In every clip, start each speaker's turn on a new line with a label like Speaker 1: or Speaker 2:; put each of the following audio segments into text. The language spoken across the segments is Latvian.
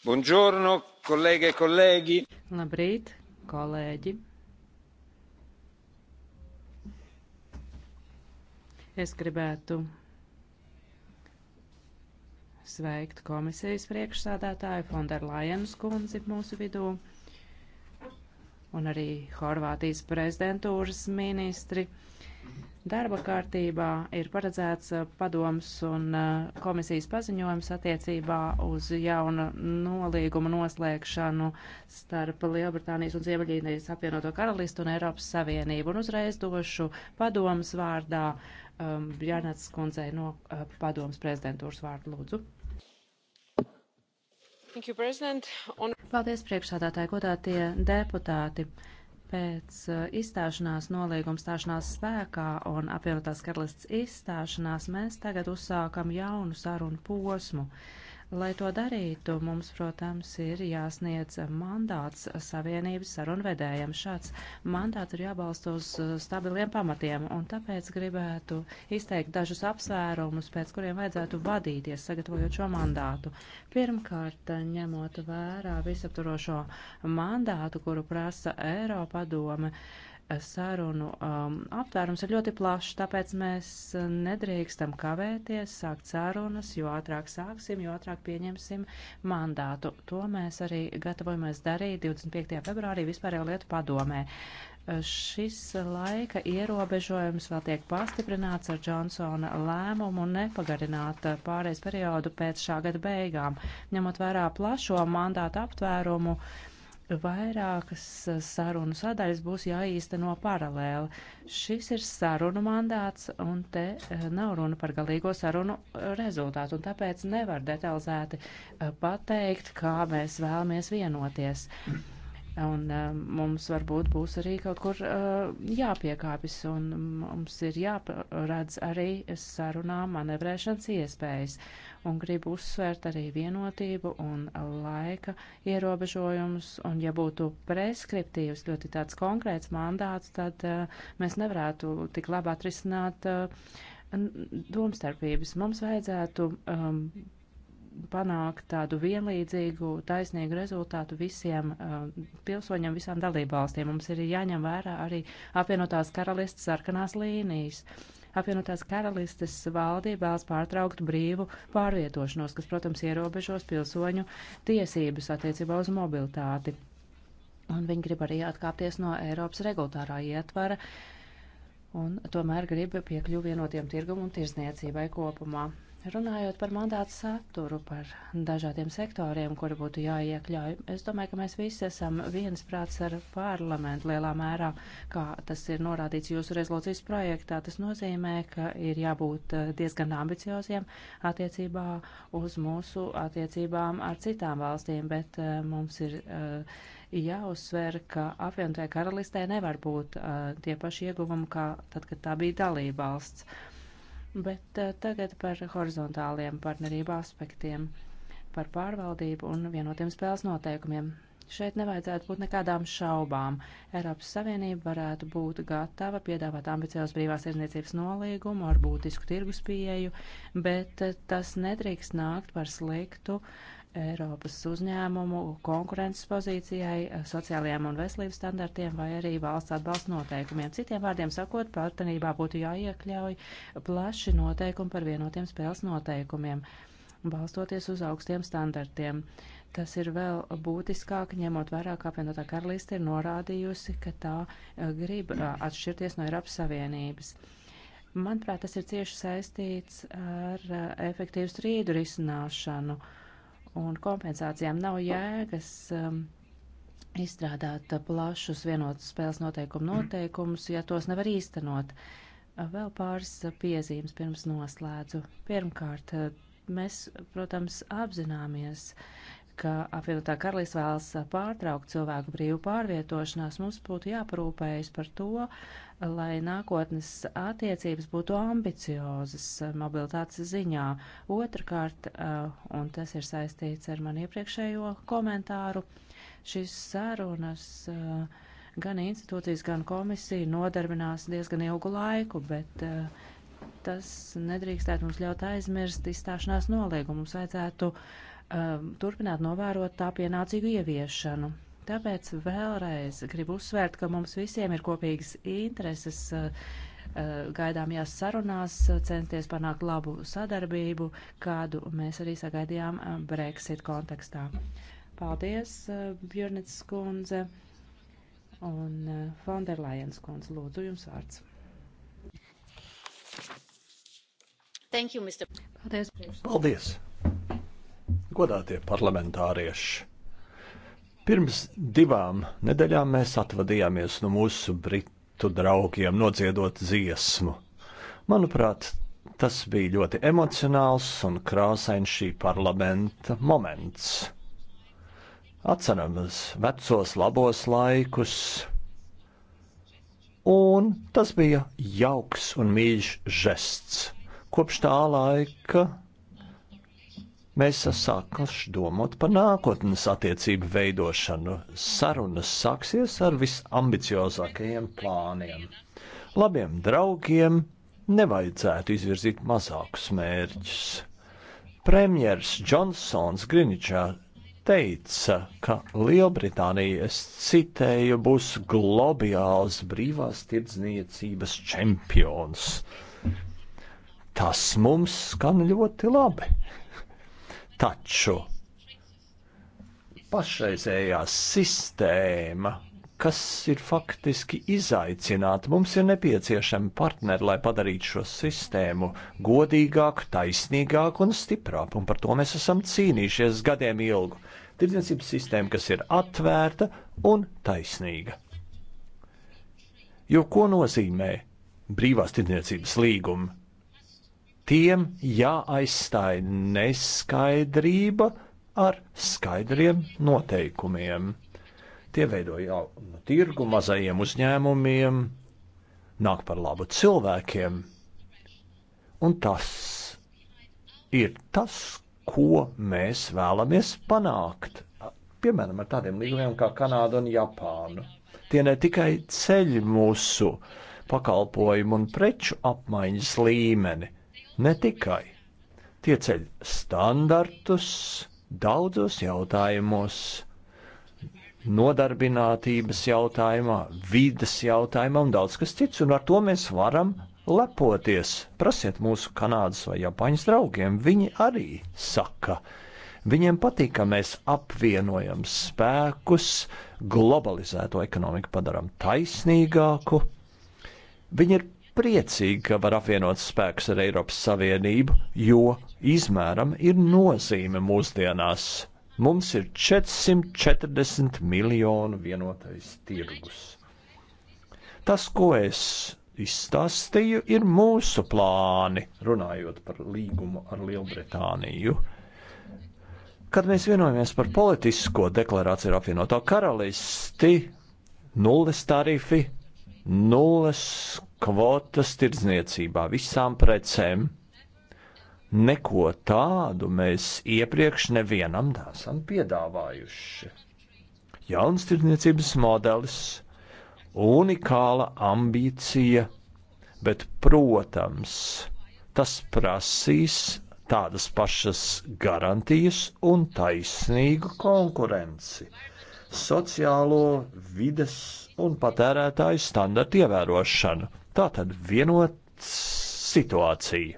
Speaker 1: Buongiorno, kolēģi, e kolēģi.
Speaker 2: Labrīt, kolēģi. Es gribētu sveikt komisijas priekšsādātāju Fonderlajenas kundzi mūsu vidū un arī Horvātijas prezidentūras ministri. Darba kārtībā ir paredzēts uh, padoms un uh, komisijas paziņojums attiecībā uz jaunu nolīgumu noslēgšanu starp Lielbritānijas un Ziemeļīnijas apvienoto karalistu un Eiropas Savienību. Un uzreiz došu padoms vārdā um, Bjarnats Kundzei no uh, padoms prezidentūras vārdu lūdzu. You, On... Paldies priekšsādātāji, godātie deputāti. Uh, Pēc eh, izstāšanās nolīguma stāšanās spēkā un apvienotās karalists izstāšanās mēs tagad uzsākam jaunu sarunu posmu. Uh, Lai to darītu, mums, protams, ir jāsniedz mandāts Savienības sarunvedējiem. Šāds mandāts ir jābalsta uz stabiliem pamatiem, un tāpēc gribētu izteikt dažus apsvērumus, pēc kuriem vajadzētu vadīties, sagatavojot šo mandātu. Pirmkārt, ņemot vērā visapturošo mandātu, kuru prasa Eiropa padome, uh, sarunu um, aptvērums ir ļoti plašs, tāpēc mēs nedrīkstam kavēties, sākt sarunas, jo ātrāk sāksim, jo ātrāk pieņemsim mandātu. To mēs arī gatavojamies darīt 25. februārī vispārējo lietu padomē. Uh, šis laika ierobežojums vēl tiek pastiprināts ar Džonsona lēmumu un nepagarināt uh, pārējais periodu pēc šā gada beigām, ņemot vērā plašo mandātu aptvērumu. Uh, vairākas eh, sarunu sadaļas būs jāīsteno paralēli. Šis ir sarunu mandāts, un te eh, nav runa par galīgo sarunu eh, rezultātu, un tāpēc nevar detalizēti pateikt, kā mēs vēlamies vienoties. Un uh, mums varbūt būs arī kaut kur uh, jāpiekāpjas, un mums ir jāredz arī sarunā manevrēšanas iespējas. Un gribu uzsvērt arī vienotību un laika ierobežojumus, un ja būtu preskriptīvs ļoti tāds konkrēts mandāts, tad uh, mēs nevarētu tik labi atrisināt uh, domstarpības. Mums vajadzētu. Um, panākt tādu vienlīdzīgu, taisnīgu rezultātu visiem uh, pilsoņiem, visām dalībvalstīm. Mums ir jāņem vērā arī apvienotās karalistas sarkanās līnijas. Apvienotās karalistes valdība vēlas pārtraukt brīvu pārvietošanos, kas, protams, ierobežos pilsoņu tiesības attiecībā uz mobilitāti. Un viņi grib arī atkāpties no Eiropas regulārā ietvara un tomēr grib piekļuvi vienotiem tirgumu un tirzniecībai kopumā. Runājot par mandātu saturu, par dažādiem sektoriem, kuri būtu jāiekļauj, es domāju, ka mēs visi esam viensprāts ar parlamentu lielā mērā, kā tas ir norādīts jūsu rezolūcijas projektā. Tas nozīmē, ka ir jābūt eh, diezgan ambicioziem attiecībā uz mūsu attiecībām ar citām valstīm, bet eh, mums ir eh, jāuzsver, ka apvienotajā karalistē nevar būt tie paši ieguvumi, kā tad, kad tā bija dalība valsts bet eh, tagad par horizontāliem partnerību aspektiem, par pārvaldību un vienotiem spēles noteikumiem. Šeit nevajadzētu būt nekādām šaubām. Eiropas Savienība varētu būt gatava piedāvāt ambiciozu brīvās tirdzniecības nolīgumu ar būtisku tirgus pieeju, bet eh, tas nedrīkst nākt par sliktu uh, Eiropas uzņēmumu konkurences pozīcijai, sociālajiem un veselības standartiem vai arī valsts atbalsta noteikumiem. Citiem vārdiem sakot, partnerībā būtu jāiekļauj plaši noteikumi par vienotiem spēles noteikumiem, balstoties uz augstiem standartiem. Tas ir vēl būtiskāk, ņemot vērā, ka apvienotā karalīste ir norādījusi, ka tā eh, grib eh, atšķirties no Eiropas Savienības. Manuprāt, tas ir cieši saistīts ar eh, efektīvu strīdu risināšanu. Uh, un kompensācijām nav jēgas um, izstrādāt plašus vienotus spēles noteikumu mm. noteikumus, ja tos nevar īstenot. Uh, vēl pāris uh, piezīmes pirms noslēdzu. Pirmkārt, uh, mēs, protams, apzināmies, ka apvienotā karalīs vēlas pārtraukt cilvēku brīvu pārvietošanās, mums būtu jāparūpējas par to, lai nākotnes attiecības būtu ambiciozas mobilitātes ziņā. Otrakārt, eh, un tas ir saistīts ar man iepriekšējo komentāru, šīs sarunas eh, gan institūcijas, gan komisija nodarbinās diezgan ilgu laiku, bet eh, tas nedrīkstētu mums ļaut aizmirst izstāšanās noliegumu. Mums vajadzētu turpināt novērot tā pienācīgu ieviešanu. Tāpēc vēlreiz gribu uzsvērt, ka mums visiem ir kopīgas intereses eh, eh, gaidāmajās sarunās censties panākt labu sadarbību, kādu mēs arī sagaidījām eh, Brexit kontekstā. Paldies, Bjurnits kundze un Fonderlajens kundze. Lūdzu, jums vārds. Thank you, Mr. Paldies.
Speaker 3: Paldies. Godātie parlamentārieši. Pirms divām nedēļām mēs atvadījāmies no mūsu britu draugiem, nodziedot dziesmu. Manuprāt, tas bija ļoti emocionāls un krāsains šī parlamenta moments. Atceramies vecos labos laikus, un tas bija jauks un mīļš žests. Kopš tā laika Mēs sākam domāt par nākotnes attiecību veidošanu. Sarunas sāksies ar visambiciozākajiem plāniem. Labiem draugiem nevajadzētu izvirzīt mazākus mērķus. Premjers Džonsons Griničā teica, ka Lielbritānija, es citēju, būs globāls brīvās tirdzniecības čempions. Tas mums skan ļoti labi. Taču pašreizējā sistēma, kas ir faktiski izaicināta, mums ir nepieciešami partneri, lai padarītu šo sistēmu godīgāku, taisnīgāku un stiprāku, un par to mēs esam cīnījušies gadiem ilgu. Tirdzniecības sistēma, kas ir atvērta un taisnīga. Jo ko nozīmē brīvās tirdzniecības līguma? Tiem jāaizstāj neskaidrība ar skaidriem noteikumiem. Tie veido jaunu tirgu mazajiem uzņēmumiem, nāk par labu cilvēkiem. Un tas ir tas, ko mēs vēlamies panākt. Piemēram, ar tādiem līgumiem kā Kanāda un Japānu. Tie ne tikai ceļ mūsu pakalpojumu un preču apmaiņas līmeni, Ne tikai tie ceļ standartus daudzos jautājumos, nodarbinātības jautājumā, vidas jautājumā un daudz kas cits, un ar to mēs varam lepoties. Prasiet mūsu kanādas vai japāņu draugiem, viņi arī saka. Viņiem patīk, ka mēs apvienojam spēkus, globalizēto ekonomiku padarām taisnīgāku. Viņi ir priecīgi, ka var apvienot spēkus ar Eiropas Savienību, jo izmēram ir nozīme mūsdienās. Mums ir 440 miljonu vienotais tirgus. Tas, ko es izstāstīju, ir mūsu plāni, runājot par līgumu ar Lielbritāniju. Kad mēs vienojamies par politisko deklarāciju ar apvienoto karalisti, nulles tarifi, nulles kvotas tirdzniecībā visām precēm. Neko tādu mēs iepriekš nevienam nesam piedāvājuši. Jauns tirdzniecības modelis, unikāla ambīcija, bet, protams, tas prasīs tādas pašas garantijas un taisnīgu konkurenci, sociālo, vides un patērētāju standartu ievērošanu. Tā tad vienots situācija.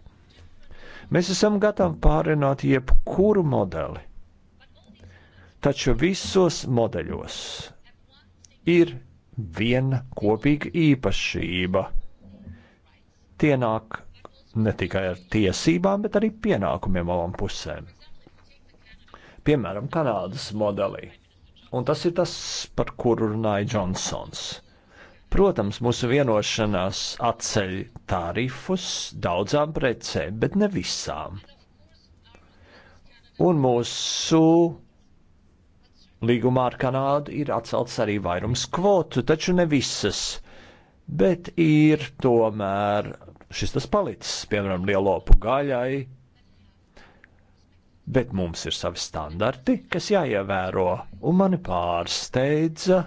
Speaker 3: Mēs esam gatavi pārrunāt jebkuru modeli, taču visos modeļos ir viena kopīga īpašība. Tie nāk ne tikai ar tiesībām, bet arī pienākumiem abām pusēm. Piemēram, Kanādas modelī. Un tas ir tas, par kuru runāja Džonsons. Protams, mūsu vienošanās atceļ tarifus daudzām precēm, bet ne visām. Un mūsu līgumā ar Kanādu ir atcelts arī vairums kvotu, taču ne visas. Bet ir tomēr šis tas palicis, piemēram, lielopu gaļai. Bet mums ir savi standarti, kas jāievēro, un mani pārsteidza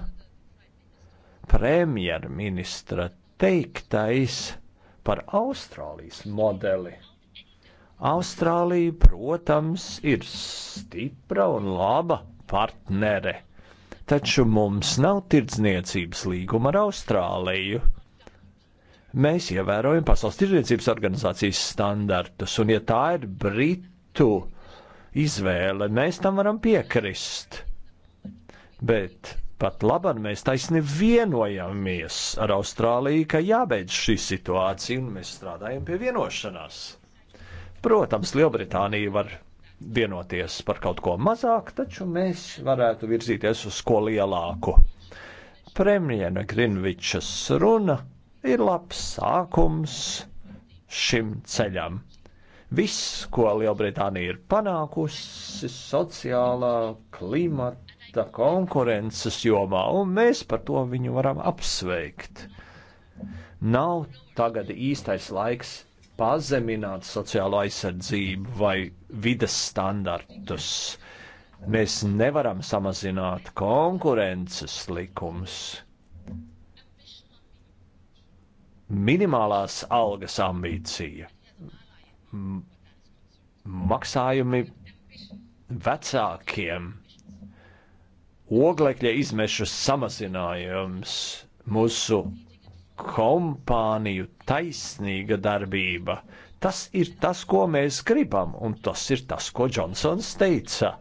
Speaker 3: premjerministra teiktais par Austrālijas modeli. Austrālija, protams, ir stipra un laba partnere, taču mums nav tirdzniecības līguma ar Austrāliju mēs ievērojam Pasaules tirdzniecības organizācijas standartus, un ja tā ir Britu izvēle, mēs tam varam piekrist. Bet Pat labam mēs taisni vienojamies ar Austrāliju, ka jābeidz šī situācija, un mēs strādājam pie vienošanās. Protams, Lielbritānija var vienoties par kaut ko mazāk, taču mēs varētu virzīties uz ko lielāku. Premjera Grinvičas runa ir labs sākums šim ceļam viss, ko Lielbritānija ir panākusi sociālā, klimata, atvērta konkurences jomā, un mēs par to viņu varam apsveikt. Nav tagad īstais laiks pazemināt sociālo aizsardzību vai vidas standartus. Mēs nevaram samazināt konkurences likumus. Minimālās algas ambīcija, maksājumi vecākiem oglekļa izmešu samazinājums, mūsu kompāniju taisnīga darbība. Tas ir tas, ko mēs gribam, un tas ir tas, ko Džonsons teica.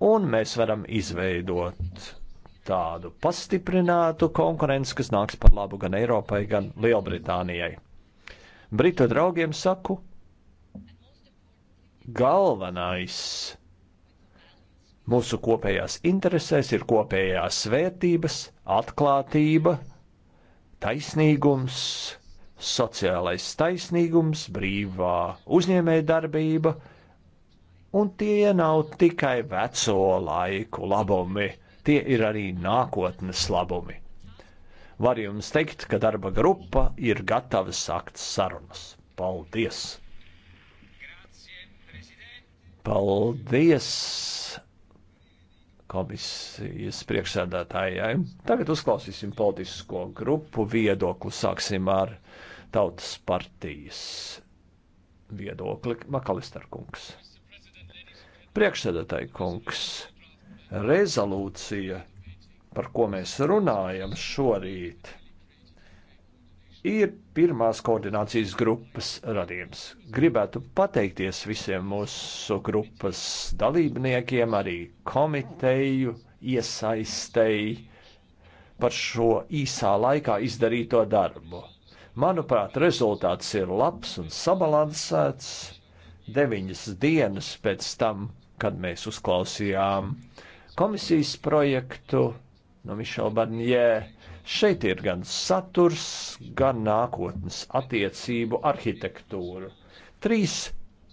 Speaker 3: Un mēs varam izveidot tādu pastiprinātu konkurenci, kas nāks par labu gan Eiropai, gan Lielbritānijai. Britu draugiem saku, galvenais Mūsu kopējās interesēs ir kopējās vērtības, atklātība, taisnīgums, sociālais taisnīgums, brīvā uzņēmējdarbība, un tie nav tikai veco laiku labumi, tie ir arī nākotnes labumi. Var jums teikt, ka darba grupa ir gatava sākt sarunas. Paldies! Paldies! komisijas priekšsēdētājai. Tagad uzklausīsim politisko grupu viedokli. Sāksim ar Tautas partijas viedokli. Makalister kungs. Priekšsēdētāji kungs. Rezolūcija, par ko mēs runājam šorīt, ir pirmās koordinācijas grupas radījums. Gribētu pateikties visiem mūsu grupas dalībniekiem, arī komiteju iesaistēji par šo īsā laikā izdarīto darbu. Manuprāt, rezultāts ir labs un sabalansēts. Deviņas dienas pēc tam, kad mēs uzklausījām komisijas projektu no Mišela Barnjē, Šeit ir gan saturs, gan nākotnes attiecību arhitektūra. Trīs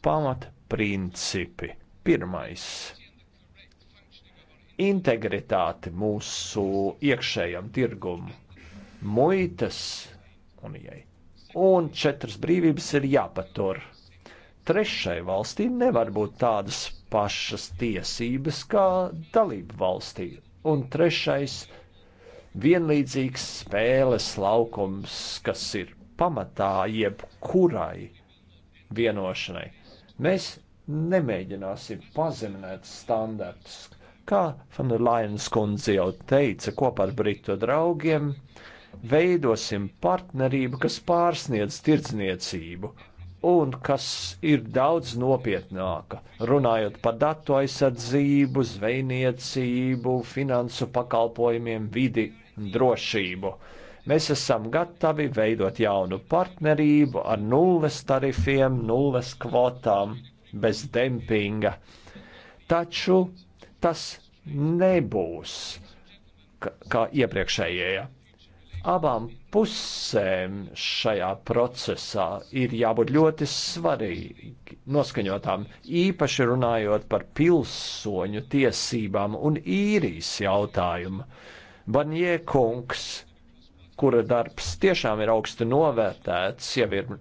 Speaker 3: pamatprincipi. Pirmais - integritāte mūsu iekšējam tirgum, muitas unijai. Un četras brīvības ir jāpatur. Trešai valstī nevar būt tādas pašas tiesības kā dalību valstī. Un trešais - vienlīdzīgs spēles laukums, kas ir pamatā jebkurai vienošanai. Mēs nemēģināsim pazeminēt standartus. Kā Fanelainas kundze jau teica, kopā ar britu draugiem veidosim partnerību, kas pārsniedz tirdzniecību un kas ir daudz nopietnāka, runājot par datu aizsardzību, zvejniecību, finansu pakalpojumiem, vidi drošību. Mēs esam gatavi veidot jaunu partnerību ar nulles tarifiem, nulles kvotām, bez dempinga. Taču tas nebūs kā iepriekšējie. Abām pusēm šajā procesā ir jābūt ļoti svarīgi noskaņotām, īpaši runājot par pilsoņu tiesībām un īrijas jautājumu. Banjē kungs, kura darbs tiešām ir augsti novērtēts, jau ir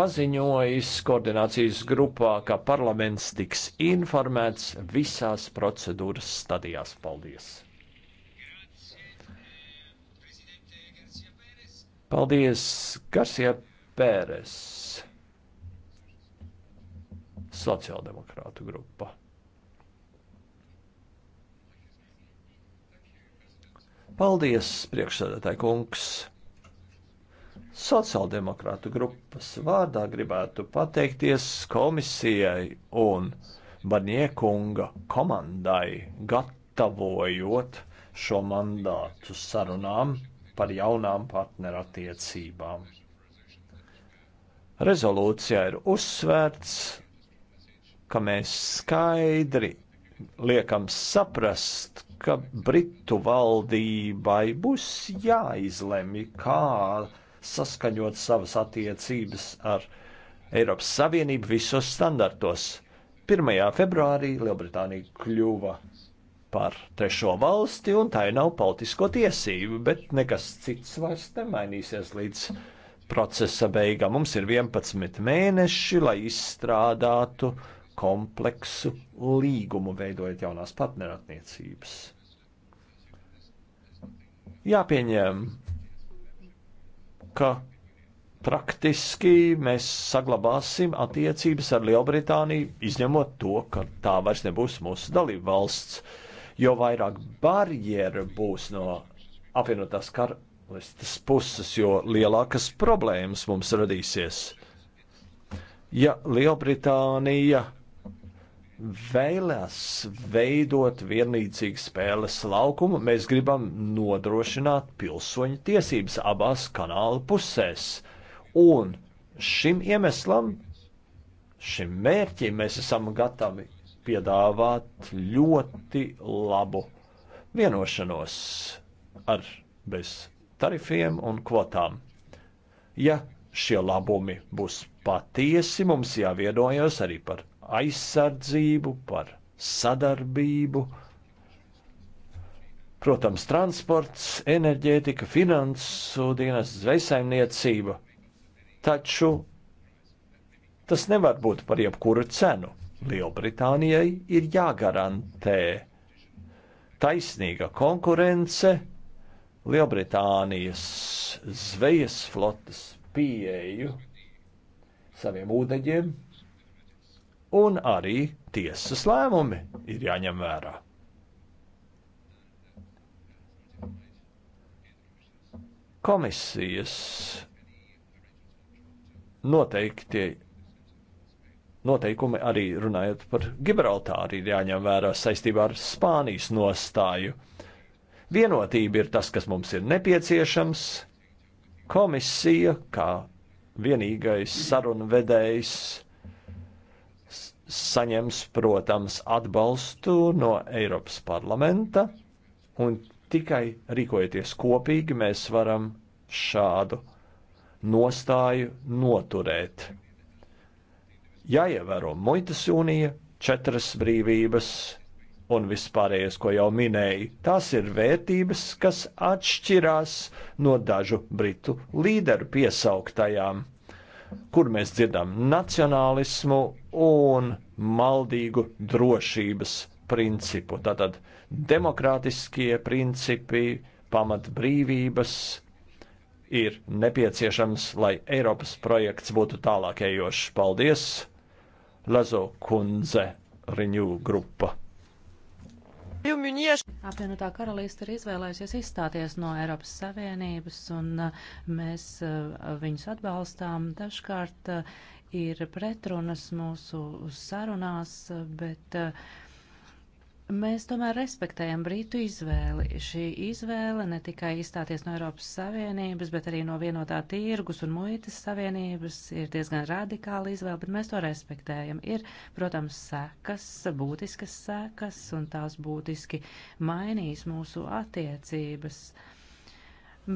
Speaker 3: paziņojis koordinācijas grupā, ka parlaments tiks informēts visās procedūras stadijās. Paldies! Paldies, Garcia Pēres, sociāldemokrātu grupa. Paldies, priekšsēdētāji kungs! Sociāldemokrātu grupas vārdā gribētu pateikties komisijai un Barniekunga komandai, gatavojot šo mandātu sarunām par jaunām partnerattiecībām. Rezolūcijā ir uzsvērts, ka mēs skaidri liekam saprast, ka Britu valdībai būs jāizlemj, kā saskaņot savas attiecības ar Eiropas Savienību visos standartos. 1. februārī Lielbritānija kļuva par trešo valsti, un tai nav politisko tiesību, bet nekas cits vairs nemainīsies līdz procesa beigām. Mums ir 11 mēneši, lai izstrādātu uh, kompleksu līgumu, veidojot jaunās partnerattiecības. Jāpieņem, ka praktiski mēs saglabāsim attiecības ar Lielbritāniju, izņemot to, ka tā vairs nebūs mūsu dalība valsts, jo vairāk barjeru būs no apvienotās karalistas puses, jo lielākas problēmas mums radīsies. Ja Lielbritānija vēlas veidot vienlīdzīgu spēles laukumu. Mēs gribam nodrošināt pilsoņu tiesības abās kanāla pusēs. Un šim iemeslam, šim mērķim mēs esam gatavi piedāvāt ļoti labu vienošanos ar bez tarifiem un kvotām. Ja šie labumi būs patiesi, mums jāvienojas arī par aizsardzību, par sadarbību. Protams, transports, enerģētika, finansu dienas, zvejsaimniecība. Taču tas nevar būt par jebkuru cenu. Lielbritānijai ir jāgarantē taisnīga konkurence, Lielbritānijas zvejas flotes pieeju saviem ūdeņiem, un arī tiesas lēmumi ir jāņem vērā. Komisijas noteikti noteikumi arī runājot par Gibraltāru ir jāņem vērā saistībā ar Spānijas nostāju. Vienotība ir tas, kas mums ir nepieciešams. Komisija, kā vienīgais sarunu vedējs, saņems, protams, atbalstu no Eiropas parlamenta, un tikai rīkojoties kopīgi, mēs varam šādu nostāju noturēt. Jāievēro muitas jūnija, četras brīvības un vispārējais, ko jau minēju. Tās ir vērtības, kas atšķirās no dažu britu līderu piesauktajām kur mēs dzirdam nacionālismu un maldīgu drošības principu. Tātad demokrātiskie principi, pamatbrīvības ir nepieciešams, lai Eiropas projekts būtu tālākējošs. Paldies, Lezo kundze, Renew grupa.
Speaker 2: Apvienotā karalīste ir izvēlējusies izstāties no Eiropas Savienības, un uh, mēs uh, viņus atbalstām. Dažkārt uh, ir pretrunas mūsu sarunās, bet uh, Mēs tomēr respektējam Britu izvēli. Šī izvēle ne tikai izstāties no Eiropas Savienības, bet arī no vienotā tirgus un muitas savienības ir diezgan radikāla izvēle, bet mēs to respektējam. Ir, protams, sekas, būtiskas sekas, un tās būtiski mainīs mūsu attiecības.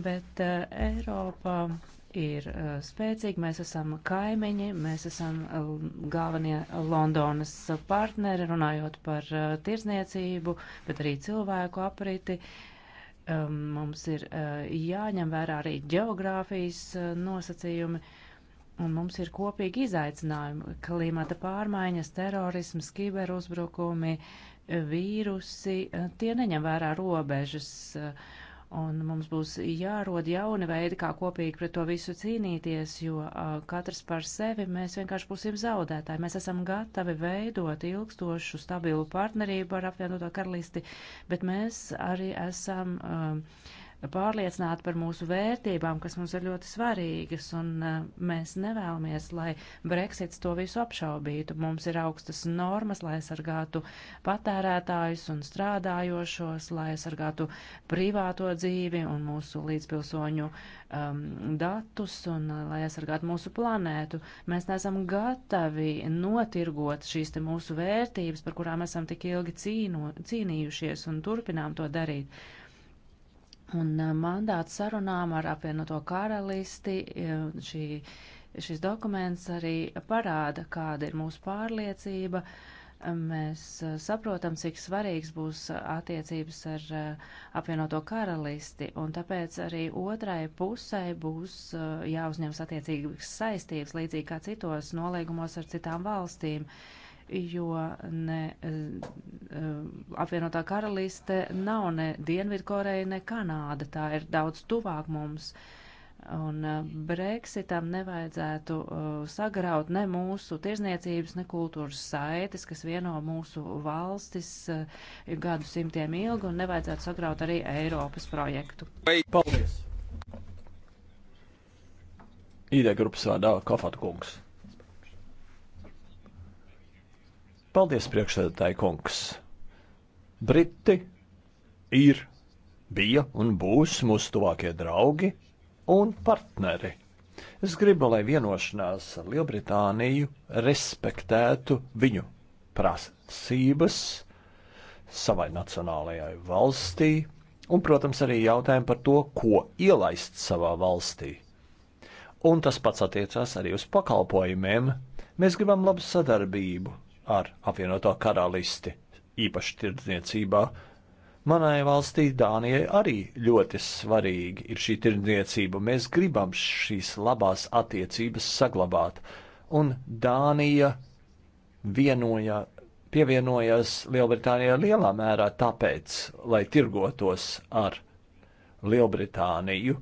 Speaker 2: Bet uh, Eiropa ir uh, spēcīga, mēs esam kaimiņi, mēs esam uh, galvenie Londonas partneri, runājot par uh, tirzniecību, bet arī cilvēku apriti. Um, mums ir uh, jāņem vērā arī geogrāfijas uh, nosacījumi, un mums ir kopīgi izaicinājumi - klimata pārmaiņas, terorisms, kiberuzbrukumi, vīrusi, uh, tie neņem vērā robežas. Uh, Un mums būs jārod jauni veidi, kā kopīgi pret to visu cīnīties, jo uh, katrs par sevi mēs vienkārši būsim zaudētāji. Mēs esam gatavi veidot ilgstošu, stabilu partnerību ar apvienoto karalisti, bet mēs arī esam uh, pārliecināti par mūsu vērtībām, kas mums ir ļoti svarīgas, un e, mēs nevēlamies, lai Brexits to visu apšaubītu. Mums ir augstas normas, lai aizsargātu patērētājus un strādājošos, lai aizsargātu privāto dzīvi un mūsu līdzpilsoņu um, datus, un e, lai aizsargātu mūsu planētu. Mēs neesam gatavi notirgot šīs te mūsu vērtības, par kurām esam tik ilgi cīno, cīnījušies un turpinām to darīt Un eh, mandāts sarunām ar apvienoto karalisti eh, šī, šis dokuments arī parāda, kāda ir mūsu pārliecība. Eh, mēs saprotam, cik svarīgs būs attiecības ar apvienoto karalisti, un tāpēc arī otrai pusē būs jāuzņems attiecīgas saistības, līdzīgi kā citos nolīgumos ar citām valstīm. Uh, jo ne eh, apvienotā karaliste nav ne Dienvidkoreja, ne Kanāda. Tā ir daudz tuvāk mums. Un eh, Brexitam nevajadzētu eh, sagraut ne mūsu tirzniecības, ne kultūras saites, kas vieno mūsu valstis gadsimtiem ilgi, un nevajadzētu sagraut arī Eiropas projektu. Paldies!
Speaker 3: Ideja grupas vārdā Kafat kungs. Paldies, priekšsēdētāji kungs! Briti ir, bija un būs mūsu tuvākie draugi un partneri. Es gribu, lai vienošanās ar Lielbritāniju respektētu viņu prasības savai nacionālajai valstī un, protams, arī jautājumu par to, ko ielaist savā valstī. Un tas pats attiecās arī uz pakalpojumiem. Mēs gribam labu sadarbību ar apvienoto karalisti, īpaši tirdzniecībā. Manai valstī Dānijai arī ļoti svarīgi ir šī tirdzniecība. Mēs gribam šīs labās attiecības saglabāt, un Dānija vienoja, pievienojās Lielbritānijai lielā mērā tāpēc, lai tirgotos ar Lielbritāniju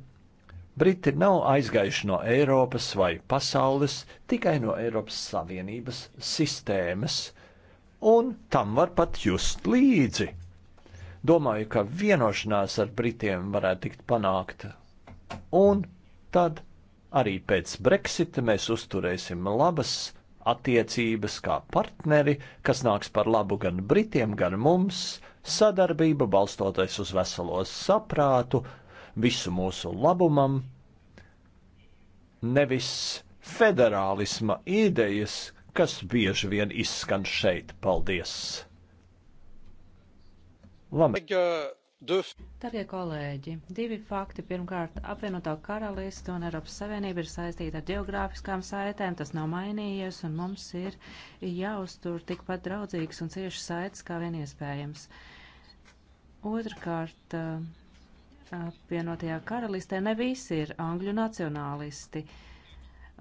Speaker 3: Briti nav aizgājuši no Eiropas vai pasaules, tikai no Eiropas Savienības sistēmas, un tam var pat just līdzi. Domāju, ka vienošanās ar Britiem varētu tikt panākta. Un tad arī pēc Brexita mēs uzturēsim labas attiecības kā partneri, kas nāks par labu gan Britiem, gan mums, sadarbība balstoties uz veselo saprātu, visu mūsu labumam, nevis federālisma idejas, kas bieži vien izskan šeit. Paldies!
Speaker 2: Lamberts. Darbie kolēģi, divi fakti. Pirmkārt, apvienotā karaliste un Eiropas Savienība ir saistīta ar geogrāfiskām saitēm, tas nav mainījies, un mums ir jāuztur tikpat draudzīgas un ciešas saites kā vien iespējams. Otrkārt, uh, apvienotajā karalistē ne visi ir angļu nacionālisti.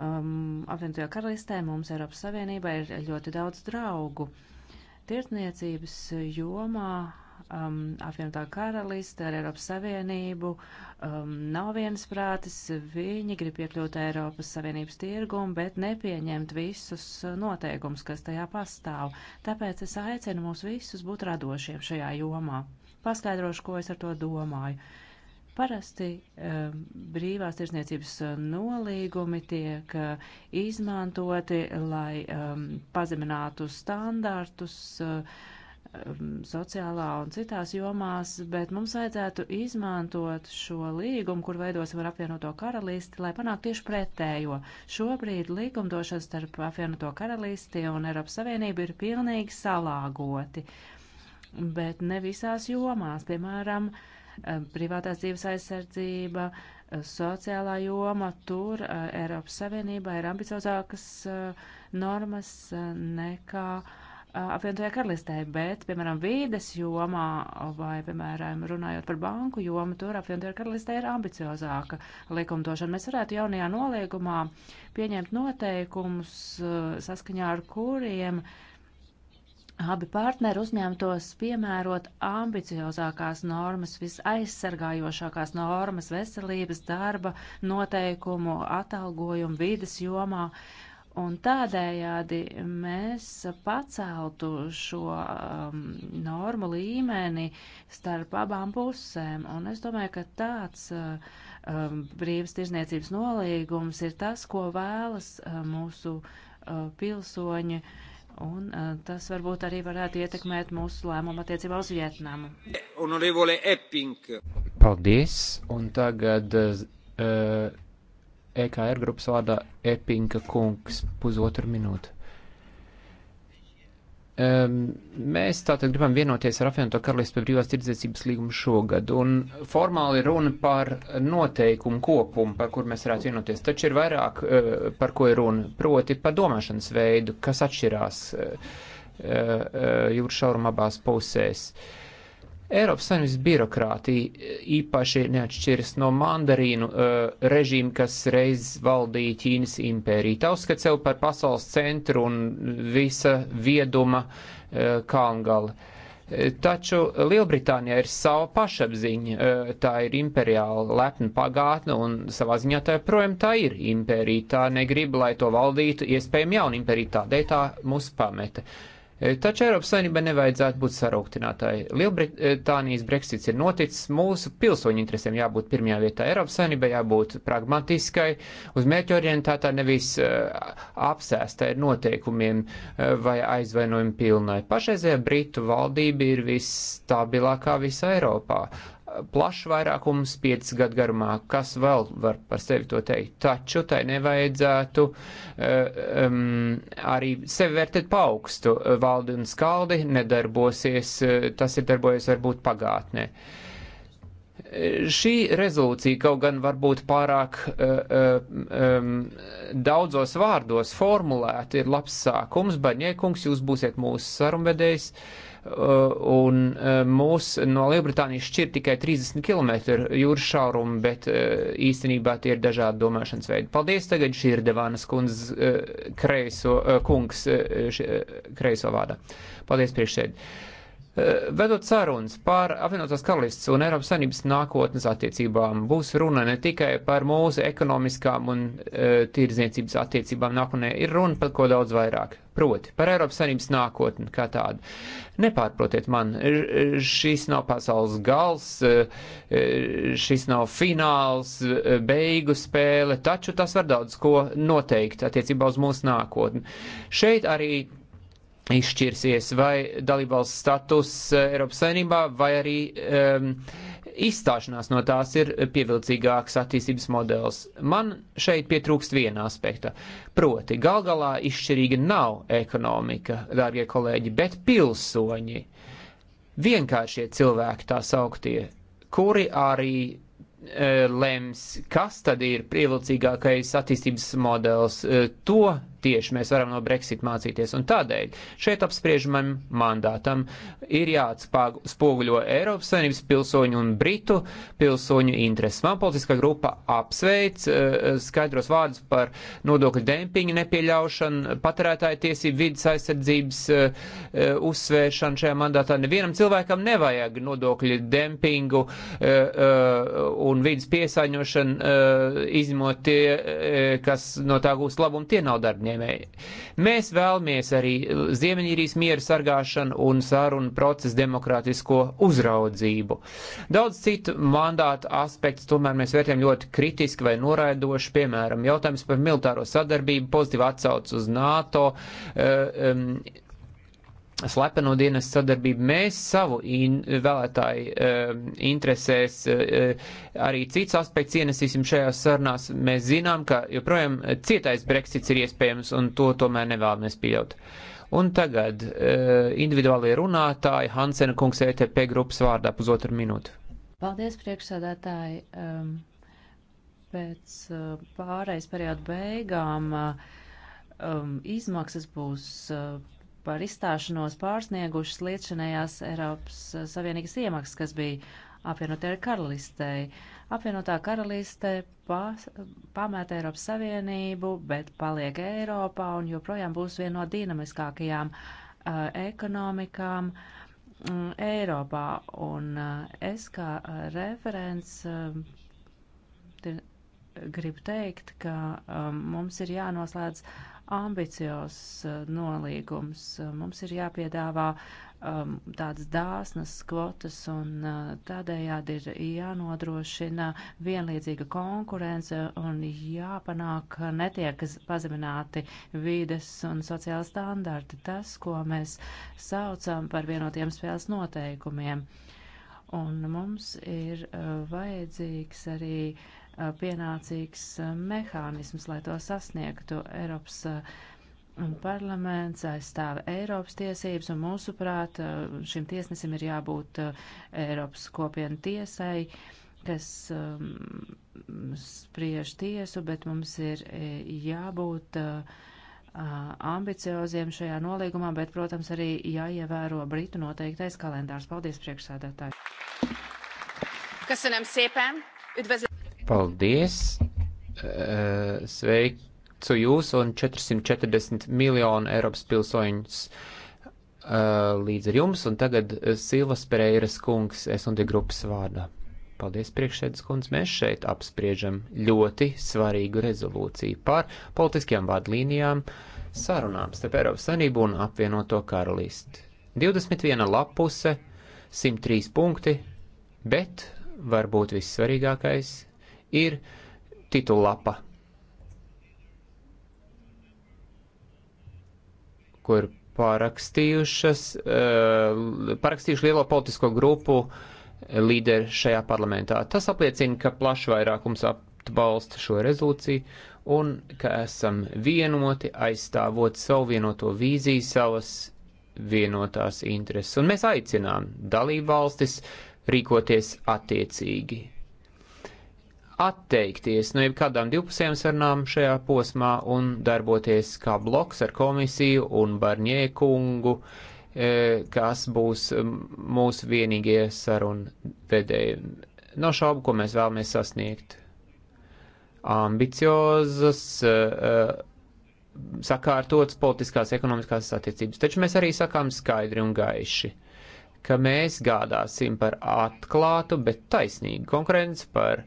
Speaker 2: Um, apvienotajā karalistē mums Eiropas Savienībā ir ļoti daudz draugu. Tirtniecības jomā um, apvienotā karaliste ar Eiropas Savienību um, nav viensprātis. Viņi grib iekļūt Eiropas Savienības tirgumu, bet nepieņemt visus uh, noteikumus, kas tajā pastāv. Tāpēc es aicinu mūs visus būt radošiem šajā jomā. Paskaidrošu, ko es ar to domāju. Parasti ehm, brīvās tirsniecības eh, nolīgumi tiek eh, izmantoti, lai ehm, pazeminātu standartus eh, ehm, sociālā un citās jomās, bet mums vajadzētu izmantot šo līgumu, kur veidosim ar apvienoto karalisti, lai panāktu tieši pretējo. Šobrīd līgumdošana starp apvienoto karalisti un Eiropas Savienību ir pilnīgi salāgoti, bet ne visās jomās, piemēram, uh, privātās dzīves aizsardzība, sociālā joma, tur Eiropas Savienībā ir ambiciozākas normas nekā apvienotajā karalistē, bet, piemēram, vīdes jomā vai, piemēram, runājot par banku jomu, tur apvienotajā karalistē ir ambiciozāka likumdošana. Mēs varētu jaunajā noliegumā pieņemt noteikumus, saskaņā ar kuriem uh, Abi partneri uzņemtos piemērot ambiciozākās normas, visaizsargājošākās normas veselības, darba, noteikumu, atalgojumu, vides jomā. Un tādējādi mēs paceltu šo um, normu līmeni starp abām pusēm. Un es domāju, ka tāds uh, um, brīvas tirzniecības nolīgums ir tas, ko vēlas uh, mūsu uh, pilsoņi. Uh, Un uh, tas varbūt arī varētu ietekmēt mūsu lēmumu attiecībā uz Vietnamu.
Speaker 1: Honorevole Epping. Paldies. Un tagad uh, EKR grupas vārdā Eppinga kungs pusotru minūtu. Um, mēs tātad gribam vienoties ar apvienoto karalistu par brīvās tirdzniecības līgumu šogad, un formāli runa par noteikumu kopumu, par kur mēs varētu vienoties, taču ir vairāk, uh, par ko ir runa, proti par domāšanas veidu, kas atšķirās uh, uh, jūras šauruma abās pusēs. Uh, Eiropas Savienības birokrātija e, īpaši neatšķiras no mandarīnu uh, režīma, kas reiz valdīja Ķīnas impēriju. Tā uzskata sev par pasaules centru un visa vieduma uh, e, kalngala. Taču Lielbritānija ir sava pašapziņa, uh, tā ir imperiāla lepna pagātne un savā ziņā tā joprojām tā ir impērija. Tā negrib, lai to valdītu iespējami jauna impērija, tādēļ tā mūs pameta. Uh, E, taču Eiropas Savienībai nevajadzētu būt sarūktinātāji. Lielbritānijas Brexits ir noticis, mūsu pilsoņu interesēm jābūt pirmajā vietā. Eiropas Savienībai jābūt pragmatiskai, uz mērķu orientētā, nevis uh, e, apsēstai ar noteikumiem uh, vai aizvainojumu pilnai. Pašreizējā Britu valdība ir visstabilākā visā Eiropā plašs vairākums piecas gadu garumā, kas vēl var par sevi to teikt. Taču tai nevajadzētu uh, um, arī sevi vērtēt paaugstu. Valdi un skaldi nedarbosies, uh, tas ir darbojies varbūt pagātnē. Šī rezolūcija kaut gan varbūt pārāk uh, um, daudzos vārdos formulēta ir labs sākums, bet, ņēkungs, jūs būsiet mūsu sarunvedējs. Uh, Uh, un uh, mūs no Lielbritānijas šķir tikai 30 km jūras šaurumu, bet uh, īstenībā tie ir dažādi domāšanas veidi. Paldies, tagad šī ir Devānas kundz, kreiso, kungs kreiso vārdā. Paldies priekšsēdi. Eh, vedot sarunas par apvienotās karalists un Eiropas Sanības nākotnes attiecībām, būs runa ne tikai par mūsu ekonomiskām un e, eh, tīrzniecības attiecībām nākotnē, ir runa par ko daudz vairāk. Proti, par Eiropas Sanības nākotni kā tādu. Nepārprotiet man, šis nav pasaules gals, eh, šis nav fināls, beigu spēle, taču tas var daudz ko noteikt attiecībā uz mūsu nākotni. Šeit arī izšķirsies vai dalībvalsts status eh, Eiropas saimnībā vai arī um, izstāšanās no tās ir pievilcīgāks attīstības modelis. Man šeit pietrūkst viena aspekta. Proti, gal galā izšķirīga nav ekonomika, dārgie kolēģi, bet pilsoņi. Vienkāršie cilvēki tā sauktie, kuri arī e, lems, kas tad ir pievilcīgākais attīstības modelis. E, to tieši mēs varam no Brexit mācīties. Un tādēļ šeit apspriežamam mandātam ir jāatspoguļo Eiropas Savienības pilsoņu un Britu pilsoņu intereses. Man politiskā grupa apsveic eh, skaidros vārdus par nodokļu dempingu nepieļaušanu, patērētāju tiesību vidas aizsardzības eh, eh, uzsvēršanu šajā mandātā. Nevienam cilvēkam nevajag nodokļu dempingu un vidas piesāņošanu izņemot tie, kas no tā gūst labumu, tie nav darbinieki uzņēmēji. Mēs vēlamies arī Ziemeņīrijas miera sargāšanu un sarunu procesu demokrātisko uzraudzību. Daudz citu mandātu aspektus tomēr mēs vērtējam ļoti kritiski vai noraidoši, piemēram, jautājums par militāro sadarbību, pozitīvu atsaucu uz NATO. Uh, um, slepeno dienas sadarbību. Mēs savu in, vēlētāju uh, interesēs uh, arī cits aspekts ienesīsim šajās sarunās. Mēs zinām, ka joprojām cietais Brexits ir iespējams un to tomēr nevēlamies pieļaut. Un tagad uh, individuālie runātāji Hansena kungs ETP grupas vārdā pusotru minūtu.
Speaker 2: Paldies, priekšsādātāji. Um, pēc uh, pārējais periodu beigām uh, um, izmaksas būs. Uh, par izstāšanos pārsniegušas liecinējās Eiropas Savienības iemaksas, kas bija apvienotē karalistei. Apvienotā karaliste pa, pamēta Eiropas Savienību, bet paliek Eiropā un joprojām būs viena no dinamiskākajām uh, ekonomikām. Uh, Eiropā, un uh, es kā uh, referents uh, gribu teikt, ka um, mums ir jānoslēdz ambiciozs uh, nolīgums. Uh, mums ir jāpiedāvā um, tādas dāsnas kvotas un uh, tādējādi ir jānodrošina vienlīdzīga konkurence un jāpanāk netiek pazemināti vides un sociāla standarti. Tas, ko mēs saucam par vienotiem spēles noteikumiem. Un mums ir uh, vajadzīgs arī uh, pienācīgs mehānisms, lai to sasniegtu. Eiropas parlaments aizstāv Eiropas tiesības, un mūsuprāt, šim tiesnesim ir jābūt Eiropas kopienu tiesai kas um, spriež tiesu, bet mums ir jābūt uh, ambicioziem šajā nolīgumā, bet, protams, arī jāievēro Britu noteiktais kalendārs. Paldies, priekšsēdētāji! Köszönöm szépen! Üdvözlöm!
Speaker 1: Paldies! Eh, sveicu jūs un 440 miljonu Eiropas pilsoņus eh, līdz ar jums, un tagad eh, Silvas Pereiras kungs S&D grupas vārdā. Paldies, priekšsēdus kundze, mēs šeit apspriežam ļoti svarīgu rezolūciju par politiskajām vadlīnijām sarunām starp Eiropas Sanību un apvienoto karalisti. 21 lapuse, 103 punkti, bet varbūt vissvarīgākais ir titullapa, ko ir parakstījušas, eh, parakstījuši lielo politisko grupu līderi šajā parlamentā. Tas apliecina, ka plašs vairākums atbalsta šo rezolūciju un ka esam vienoti aizstāvot savu vienoto vīziju, savas vienotās intereses. Un mēs aicinām dalību valstis rīkoties attiecīgi atteikties no jebkādām divpusējām sarunām šajā posmā un darboties kā bloks ar komisiju un barņēkungu, e, kas būs mūsu vienīgie sarunu vedēji. No šaubu, ko mēs vēlamies sasniegt. Ambiciozas, e, e, sakārtotas politiskās ekonomiskās attiecības, taču mēs arī sakām skaidri un gaiši – ka mēs gādāsim par atklātu, bet taisnīgu konkurenci, par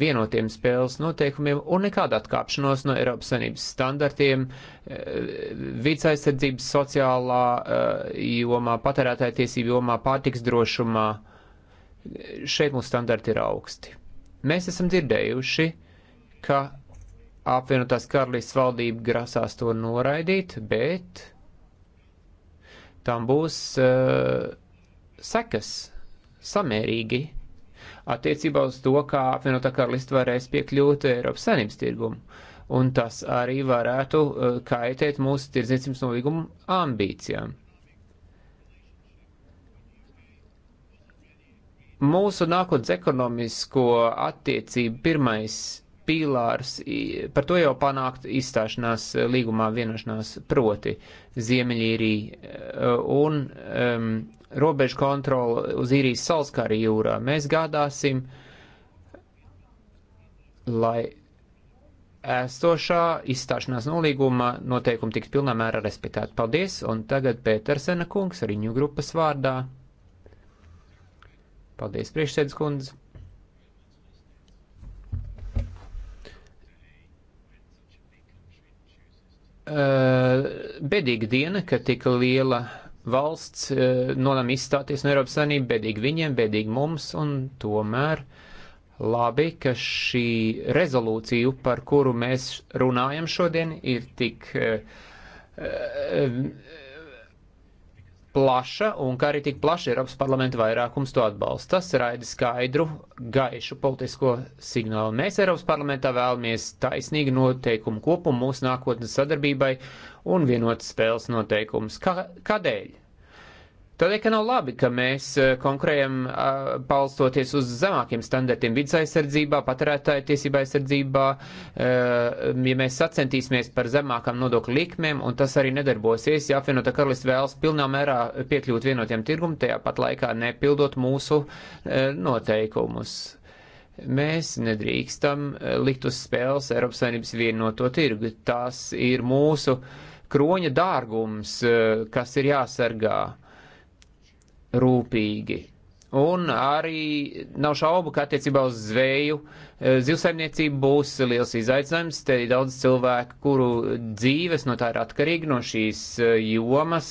Speaker 1: vienotiem spēles noteikumiem un nekādu atkāpšanos no Eiropas Savienības standartiem, eh, vidas aizsardzības sociālā eh, jomā, patērētāja tiesību jomā, pārtiks drošumā. Šeit mūsu standarti ir augsti. Mēs esam dzirdējuši, ka apvienotās karalists valdība grasās to noraidīt, bet tam būs uh, sekas samērīgi attiecībā uz to, kā apvienotā karalista varēs piekļūt Eiropas saimnības tirgumu. Un tas arī varētu eh, kaitēt mūsu tirdzniecības nolīgumu ambīcijām. Mūsu nākotnes ekonomisko attiecību pirmais pīlārs, par to jau panākt izstāšanās līgumā vienošanās proti Ziemeļīrija eh, un um, robežu kontroli uz īrijas salskāri jūrā. Mēs gādāsim, lai esošā izstāšanās nolīguma noteikumi tiks pilnā mērā respektēti. Paldies, un tagad Pētersena kungs riņu grupas vārdā. Paldies, priekšsēdus kundze. Uh, bedīga diena, ka tik liela valsts eh, nolem izstāties no Eiropas Savienības, bēdīgi viņiem, bēdīgi mums, un tomēr labi, ka šī rezolūcija, par kuru mēs runājam šodien, ir tik uh, uh, plaša un ka arī tik plaši Eiropas parlamenta vairākums to atbalsta. Tas raida skaidru, gaišu politisko signālu. Mēs Eiropas parlamentā vēlamies taisnīgu noteikumu kopumu mūsu nākotnes sadarbībai un vienotas spēles noteikumus. Kā, kādēļ? Tādēļ, ka nav labi, ka mēs e, konkurējam palstoties uz zemākiem standartiem vidas aizsardzībā, patērētāju tiesībā aizsardzībā, e, ja mēs sacentīsimies par zemākām nodokļu likmēm, un tas arī nedarbosies, ja apvienotā karalista vēlas pilnā mērā piekļūt vienotiem tirgumu, tajā pat laikā nepildot mūsu e, noteikumus. Mēs nedrīkstam likt uz spēles Eiropas Savienības vienoto tirgu. Tas ir mūsu kroņa dārgums, kas ir jāsargā. Uh, rūpīgi. Un arī nav šaubu, ka attiecībā uz zveju eh, zivsaimniecību būs liels izaicinājums. Te ir daudz cilvēku, kuru dzīves no tā ir atkarīgi no šīs eh, jomas.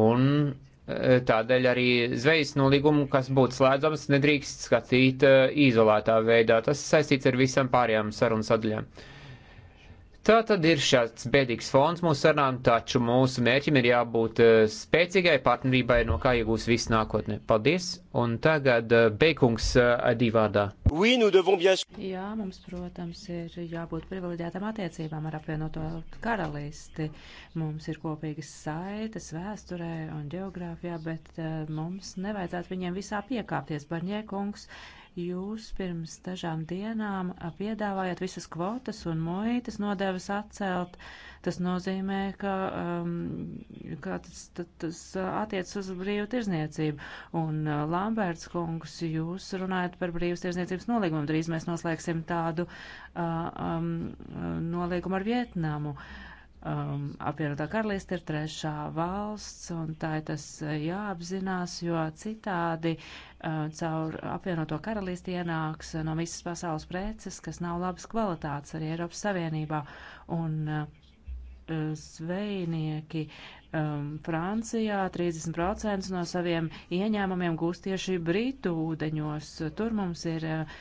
Speaker 1: Un eh, Tādēļ arī zvejas nolīgumu, kas būtu slēdzams, nedrīkst skatīt izolētā veidā. Tas saistīts ar visām pārējām sarunu sadaļām. Uh, Tā tad ir šāds bēdīgs fons mūsu sarunām, taču mūsu mērķim ir jābūt eh, spēcīgai partnerībai, no kā iegūs viss nākotnē. Paldies! Un tagad eh, Beikungs eh, divādā.
Speaker 2: Jā, mums, protams, ir jābūt privileģētām attiecībām ar apvienoto karalisti. Mums ir kopīgas saites vēsturē un geogrāfijā, bet mums nevajadzētu viņiem visā piekāpties. Barņē kungs Jūs pirms dažām dienām piedāvājat visas kvotas un muitas nodevas atcelt. Tas nozīmē, ka, um, ka tas, tas, tas attiec uz brīvu tirzniecību. Un uh, Lamberts kungs, jūs runājat par brīvas tirzniecības nolīgumu. Drīz mēs noslēgsim tādu uh, um, nolīgumu ar Vietnamu. Uh, um, apvienotā karalista ir trešā valsts, un tā ir tas uh, jāapzinās, jo citādi uh, caur apvienoto karalisti ienāks uh, no visas pasaules preces, kas nav labas kvalitātes arī Eiropas Savienībā, un uh, uh zvejnieki um, Francijā 30% no saviem ieņēmumiem gūst tieši Britu ūdeņos. Tur mums ir uh,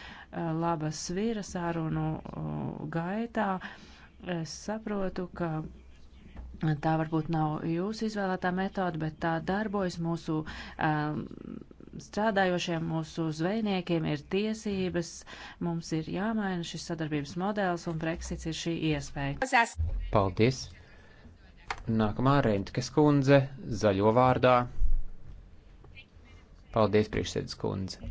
Speaker 2: laba svīra sārunu uh, gaitā. Uh, Es saprotu, ka tā varbūt nav jūsu izvēlētā metode, bet tā darbojas mūsu um, strādājošiem, mūsu zvejniekiem ir tiesības, mums ir jāmaina šis sadarbības modelis un Brexits ir šī iespēja.
Speaker 1: Paldies! Nākamā Reintkas kundze, zaļo vārdā. Paldies, priekšsēdus kundze.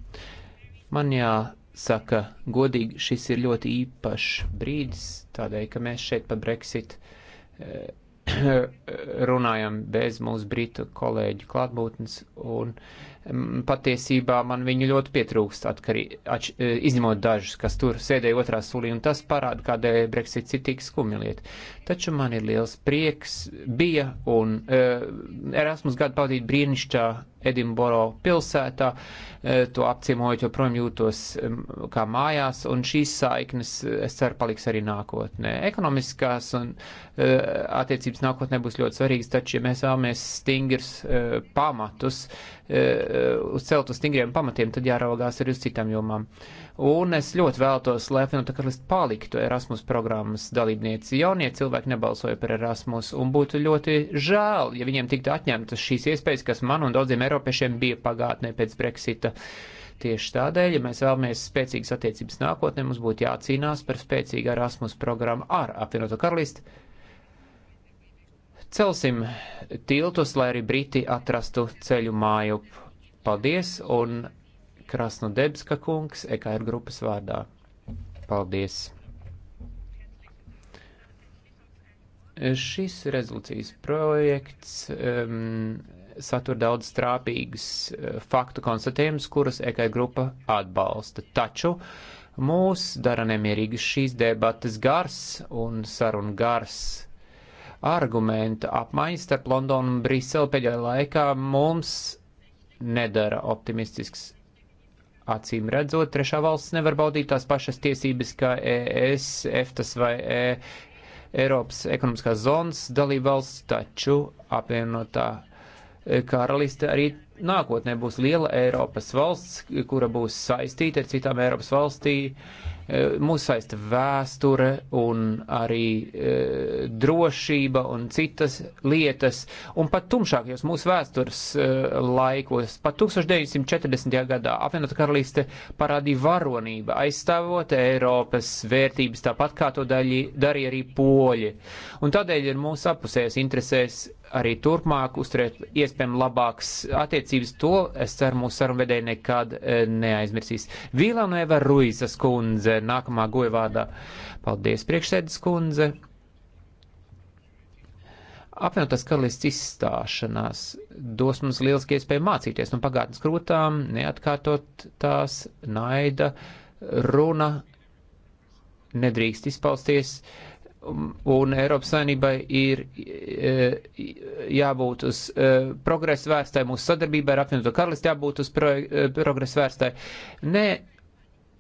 Speaker 1: Man jā, jāsaka godīgi, šis ir ļoti īpašs brīdis, tādēļ, ka mēs šeit par Brexit eh, runājam bez mūsu britu kolēģu klātbūtnes, un mm, patiesībā man viņu ļoti pietrūkst, atkarī, atš, eh, izņemot dažus, kas tur sēdēja otrā sulī, un tas parāda, kādēļ Brexits ir tik skumja lieta. Taču man ir liels prieks, bija, un uh, Erasmus gadu pavadīt brīnišķā Edimboro pilsētā, e, to apciemojot, joprojām jūtos kā mājās, un šīs saiknes, e, es ceru, paliks arī nākotnē. Ekonomiskās un e, attiecības nākotnē būs ļoti svarīgas, taču, ja mēs vēlamies stingrs pamatus, uzcelt uz stingriem pamatiem, tad jāraugās arī uz citām jomām. Un es ļoti vēltos, lai Apvienotā karalista paliktu Erasmus programmas dalībnieci. Jaunie cilvēki nebalsoja par Erasmus, un būtu ļoti žēl, ja viņiem tiktu atņemtas šīs iespējas, kas man un daudziem Eiropiešiem bija pagātnē pēc Brexita. Tieši tādēļ, ja mēs vēlamies spēcīgas attiecības nākotnē, mums būtu jācīnās par spēcīgu Erasmus programmu ar apvienoto karalisti. Celsim tiltus, lai arī Briti atrastu ceļu mājup. Paldies, un Krasnodebska kungs EKR grupas vārdā. Paldies! Šis rezolūcijas projekts um, satur daudz trāpīgas eh, faktu konstatējumus, kurus EKI grupa atbalsta. Taču mūs dara nemierīgas šīs debates gars un saruna gars. Argumenta apmaiņas starp Londonu un Briseli pēdējā laikā mums nedara optimistisks. Acīm redzot, trešā valsts nevar baudīt tās pašas tiesības kā ES, EFTAS vai e, Eiropas ekonomiskās zonas dalībvalsts, taču apvienotā Eh, karaliste arī nākotnē būs liela Eiropas valsts, kura būs saistīta ar citām Eiropas valstī. Eh, mūs saista vēsture un arī eh, drošība un citas lietas. Un pat tumšākajos mūsu vēstures laikos, pat 1940. gadā apvienotā karaliste parādīja varonību, aizstāvot Eiropas vērtības, tāpat kā to daļi, darīja arī poļi. Un tādēļ ir mūsu apusējās interesēs arī turpmāk uzturēt iespējami labākas attiecības, to es ceru mūsu sarunvedēji nekad e, neaizmirsīs. Vīlānueva Ruizas kundze, nākamā goja vārdā. Paldies, priekšsēdes kundze. Apvienotās karalists izstāšanās dos mums lieliski iespēju mācīties no pagātnes krūtām, neatkārtot tās naida, runa nedrīkst izpausties. Uh, Um, un Eiropas Savienībai ir e, jābūt uz e, progresu vērstai, mūsu sadarbībai ar apvienoto karalisti jābūt uz e, progresu vērstai. Nē,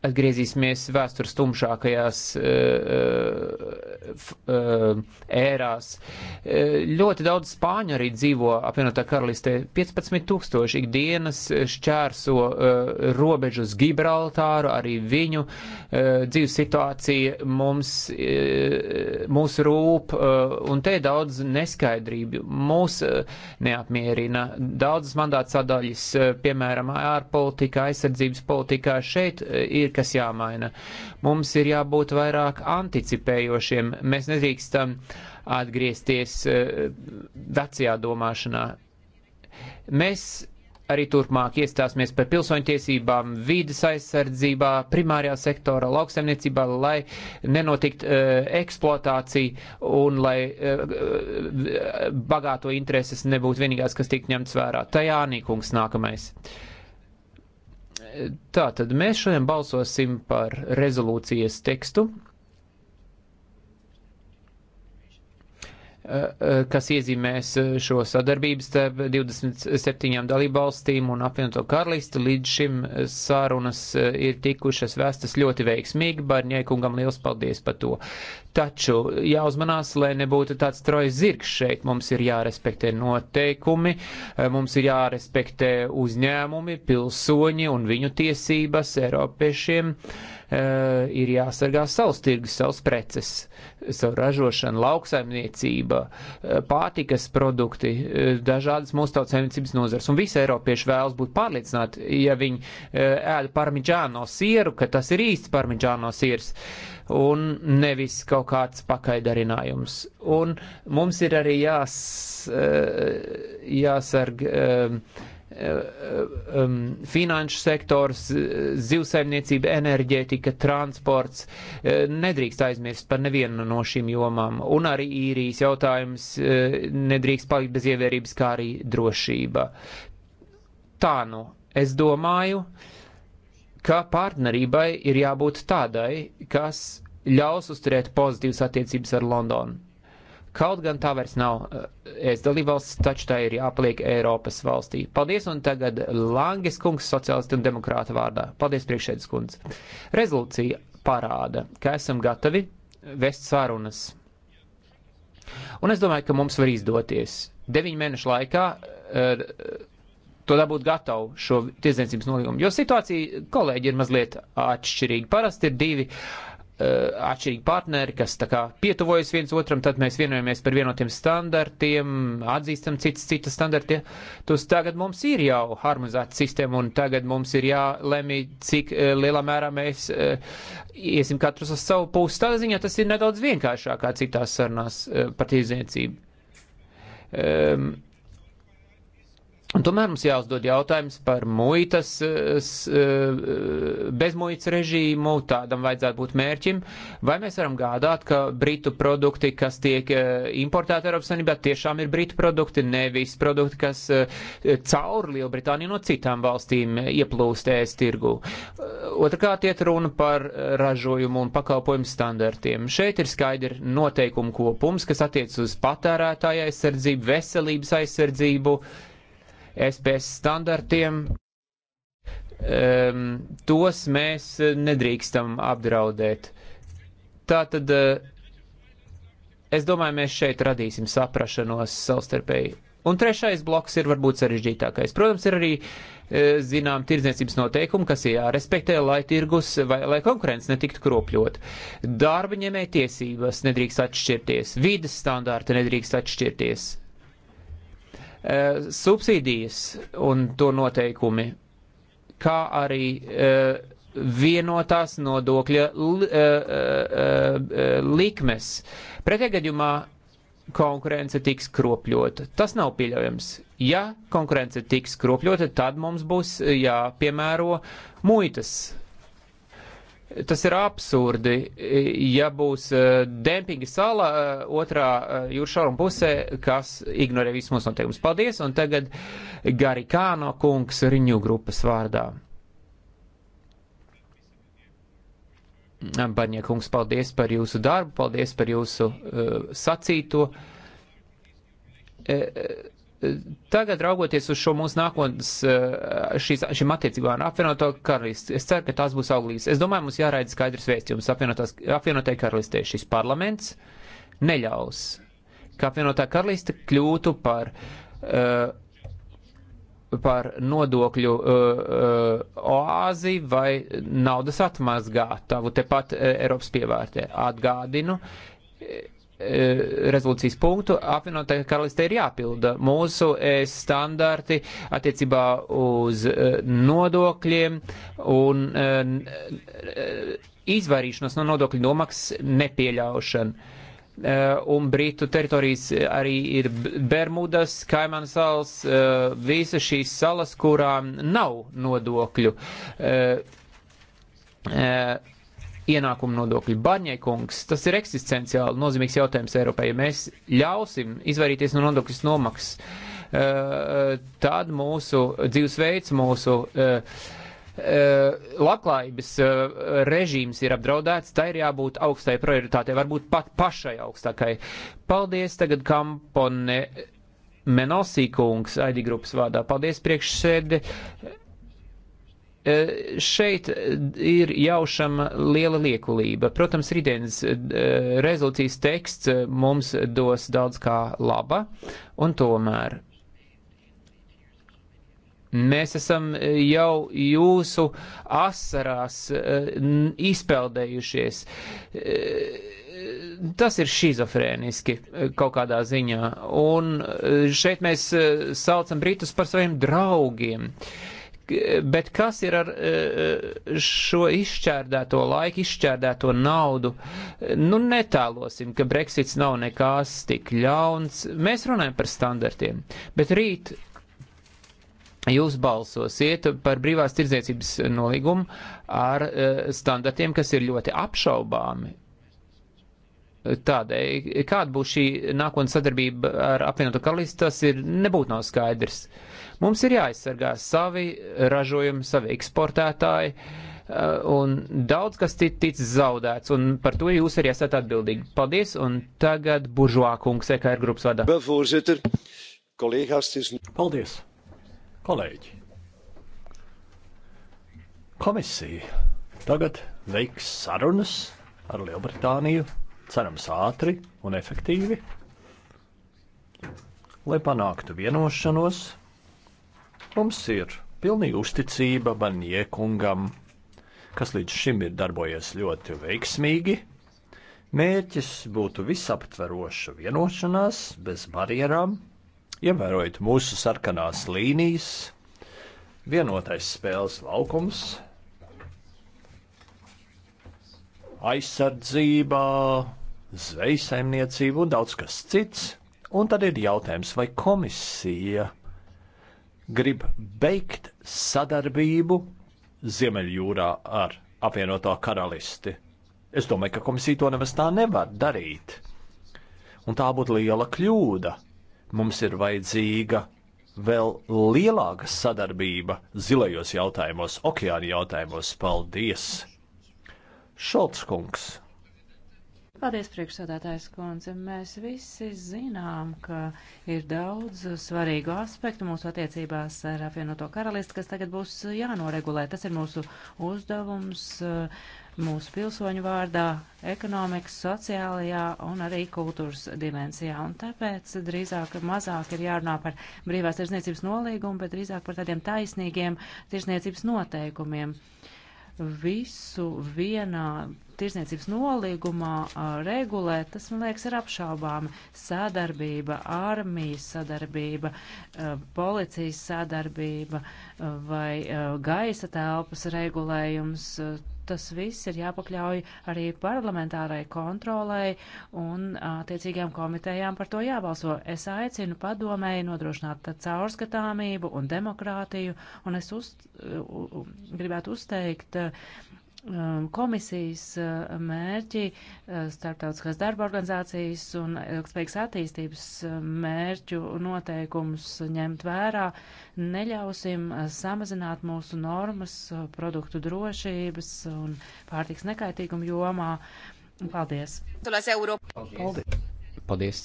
Speaker 1: atgriezīsimies vēstures tumšākajās uh, uh, ērās. Uh, ļoti daudz spāņu arī dzīvo apvienotā karalistē. 15 tūkstoši ikdienas šķērso uh, robežu uz Gibraltāru, arī viņu uh, dzīves situācija mums, uh, mūs rūp, uh, un te ir daudz neskaidrību. Mūs uh, neapmierina daudzas mandāts sadaļas, uh, piemēram, ārpolitikā, aizsardzības politikā. Šeit uh, ir kas jāmaina. Mums ir jābūt vairāk anticipējošiem. Mēs nedrīkstam atgriezties eh, vecajā domāšanā. Mēs arī turpmāk iestāsimies par pilsoņtiesībām, vīdas aizsardzībā, primārajā sektora, lauksaimniecībā, lai nenotikt uh, eksploatācija un lai uh, bagāto intereses nebūtu vienīgās, kas tiek ņemts vērā. Tajā Nīkungs nākamais. Uh, Tā tad mēs šodien balsosim par rezolūcijas tekstu, eh, eh, kas iezīmēs eh, šo sadarbības starp 27 dalībvalstīm un apvienoto karalistu. Līdz šim sārunas ir tikušas vēstas ļoti veiksmīgi. Barņēkungam liels paldies par to. Taču jāuzmanās, lai nebūtu tāds trojas zirgs šeit. Mums ir jārespektē noteikumi, eh, mums ir jārespektē uzņēmumi, pilsoņi un viņu tiesības Eiropiešiem. Uh, ir jāsargā savs tirgus, savs preces, savu ražošanu, lauksaimniecība, eh, pārtikas produkti, dažādas mūsu tautsēmniecības nozars. Un visi eiropieši vēlas būt pārliecināti, ja viņi uh, ēda parmiģāno sieru, ka tas ir īsts parmiģāno siers. Uh, un nevis kaut kāds pakaļdarinājums. Un mums ir arī jās, eh, jāsarg um, finanšu sektors, zivsaimniecība, enerģētika, transports. Nedrīkst aizmirst par nevienu no šīm jomām. Un arī īrijas jautājums nedrīkst palikt bez ievērības, kā arī drošība. Tā nu, es domāju. Uh, ka partnerībai ir jābūt tādai, kas ļaus uzturēt pozitīvas attiecības ar Londonu. Kaut gan tā vairs nav eh, es dalībvalsts, taču tā ir jāpaliek Eiropas valstī. Paldies, un tagad Langes kungs sociālisti un demokrāta vārdā. Paldies, priekšēdas kundze. Rezolūcija parāda, ka esam gatavi vest sarunas. Un es domāju, ka mums var izdoties. Deviņu mēnešu laikā uh, to dabūt gatavu šo tiesniecības nolīgumu. Jo situācija, kolēģi, ir mazliet atšķirīga. Parasti ir divi uh, atšķirīgi partneri, kas tā kā pietuvojas viens otram, tad mēs vienojamies par vienotiem standartiem, atzīstam citas citas standartiem. Tos tagad mums ir jau harmonizēta sistēma, un tagad mums ir jālemj, cik eh, lielā mērā mēs eh, iesim katrs uz savu pusi. Tādā ziņā tas ir nedaudz vienkāršāk kā citās sarunās par tīzniecību. Um, ehm, Un tomēr mums jāuzdod jautājums par muitas, eh, eh, bezmuitas režīmu, tādam vajadzētu būt mērķim, vai mēs varam gādāt, ka britu produkti, kas tiek eh, importēti Eiropas Savienībā, tiešām ir britu produkti, nevis produkti, kas caur Lielbritāniju no citām valstīm ieplūstēs tirgu. Otrakārt iet runa par ražojumu un pakalpojumu standartiem. Šeit ir skaidri noteikumu kopums, kas attiec uz patērētāja aizsardzību, veselības aizsardzību, SPS standartiem, um, tos mēs nedrīkstam apdraudēt. Tātad eh, es domāju, mēs šeit radīsim saprašanos savstarpēji. Un trešais bloks ir varbūt sarežģītākais. Protams, ir arī eh, zinām tirdzniecības noteikumi, kas ir jārespektē, lai tirgus vai lai konkurence netiktu kropļot. Darba ņemē tiesības nedrīkst atšķirties, vidas standārti nedrīkst atšķirties, Eh, subsīdijas un to noteikumi, kā arī eh, vienotās nodokļa eh, likmes. Pretējgadījumā konkurence tiks kropļota. Tas nav pieļaujams. Ja konkurence tiks kropļota, tad mums būs jāpiemēro muitas Tas ir absurdi. Ja būs uh, dempinga sala uh, otrā uh, eh, jūras šauruma pusē, kas ignorē visus mūsu noteikumus. Paldies! Un tagad Garikāno kungs riņu grupas vārdā. Barņie kungs, paldies par jūsu darbu, paldies par jūsu uh, sacīto. Uh, Tagad raugoties uz šo mūsu nākotnes, eh, šīs, šīm attiecībām ar apvienoto karalisti, es ceru, ka tās būs auglīgas. Es domāju, mums jāraida skaidrs vēstījums apvienotai karalistē. Šis parlaments neļaus, ka apvienotā karaliste kļūtu par, uh, par nodokļu uh, uh, oāzi vai naudas atmazgātavu tepat Eiropas pievārtē. Atgādinu E, rezolūcijas punktu, apvienotā karaliste ir jāpilda mūsu e, standarti attiecībā uz e, nodokļiem un izvairīšanos no nodokļu nomaksas nepieļaušanu. Un Britu teritorijas arī ir Bermudas, Kaimana salas, visas šīs salas, kurām nav nodokļu. Uh, ienākumu nodokļu. Barņēkungs, tas ir eksistenciāli nozīmīgs jautājums Eiropai. Ja mēs ļausim izvairīties no nodokļu nomaksas, eh, tad mūsu dzīvesveids, mūsu eh, eh, labklājības režīms ir apdraudēts, tai ir jābūt augstai prioritātei, varbūt pat pašai augstākai. Paldies tagad Kampone Menosī kungs, ID grupas vārdā. Paldies priekšsēdi. Eh, šeit eh, ir jaušama liela liekulība. Protams, rītdienas eh, rezolūcijas teksts mums dos daudz kā laba, un tomēr Mēs esam jau jūsu asarās izpeldējušies. Tas ir šizofrēniski kaut kādā ziņā. Un šeit mēs saucam Britus par saviem draugiem. Uh, Bet kas ir ar e, e, šo izšķērdēto laiku, izšķērdēto naudu? Nu, netālosim, ka Brexits nav nekās tik ļauns. Mēs runājam par standartiem, bet rīt jūs balsosiet par brīvās tirdzniecības nolīgumu ar e, standartiem, kas ir ļoti apšaubāmi. Tādēļ, kāda būs šī nākotnes sadarbība ar apvienoto karalisti, tas ir nebūtu nav skaidrs. Uh, Mums ir jāaizsargā savi ražojumi, savi eksportētāji, eh, un daudz kas tic zaudēts, un par to jūs arī esat atbildīgi. Paldies, un tagad buržuā
Speaker 3: kungs, EKR grupas vada. Nu- Paldies, kolēģi! Komisija tagad veiks sarunas ar Lielbritāniju, cerams, ātri un efektīvi, lai panāktu vienošanos Mums ir pilnīga uzticība Banjēkungam, kas līdz šim ir darbojies ļoti veiksmīgi. Mērķis būtu visaptveroša vienošanās bez barjerām, ievērojot mūsu sarkanās līnijas, vienotais spēles laukums, aizsardzībā, zvejsaimniecība un daudz kas cits. Un tad ir jautājums, vai komisija grib beigt sadarbību Ziemeļjūrā ar apvienoto karalisti. Es domāju, ka komisija to nemaz tā nevar darīt. Un tā būtu liela kļūda. Mums ir vajadzīga vēl lielāka sadarbība zilajos jautājumos, okeāna jautājumos. Paldies! Šalts kungs!
Speaker 2: Paldies, priekšsādātājs kundze. Mēs visi zinām, ka ir daudz svarīgu aspektu mūsu attiecībās ar apvienoto karalisti, kas tagad būs jānoregulē. Tas ir mūsu uzdevums mūsu pilsoņu vārdā, ekonomikas, sociālajā un arī kultūras dimensijā. Un tāpēc drīzāk mazāk ir jārunā par brīvās tirsniecības nolīgumu, bet drīzāk par tādiem taisnīgiem tirsniecības noteikumiem. Uh, visu vienā tirzniecības nolīgumā regulēt, tas, man liekas, ir apšaubāmi. Sadarbība, armijas sadarbība, policijas sadarbība vai gaisa telpas regulējums tas viss ir jāpakļauj arī parlamentārai kontrolai un attiecīgajām komitejām par to jābalso. Es aicinu padomēji nodrošināt caurskatāmību un demokrātiju, un es uz, gribētu uzteikt Um, komisijas uh, mērķi, uh, starptautiskās darba organizācijas un ilgspējīgas attīstības uh, mērķu noteikumus ņemt vērā, neļausim samazināt mūsu normas produktu drošības un pārtiks nekaitīgumu jomā. Paldies! Paldies!
Speaker 1: Paldies.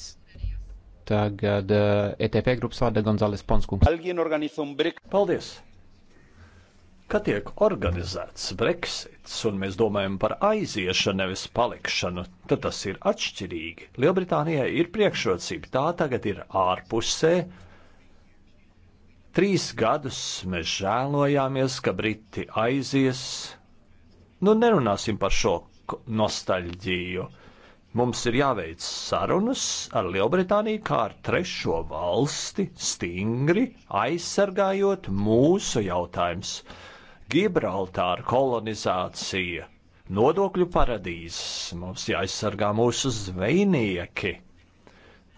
Speaker 1: Tagad ETP grupas vārda Gonzales Ponskungs.
Speaker 3: Paldies! ka tiek organizēts Brexits un mēs domājam par aiziešanu, nevis palikšanu, tad tas ir atšķirīgi. Lielbritānijai ir priekšrocība, tā tagad ir ārpusē. Trīs gadus mēs žēlojāmies, ka Briti aizies. Nu, nerunāsim par šo nostalģiju. Mums ir jāveic sarunas ar Lielbritāniju kā ar trešo valsti, stingri aizsargājot mūsu jautājumus. Gibraltāra kolonizācija, nodokļu paradīzes, mums jāaizsargā mūsu zvejnieki,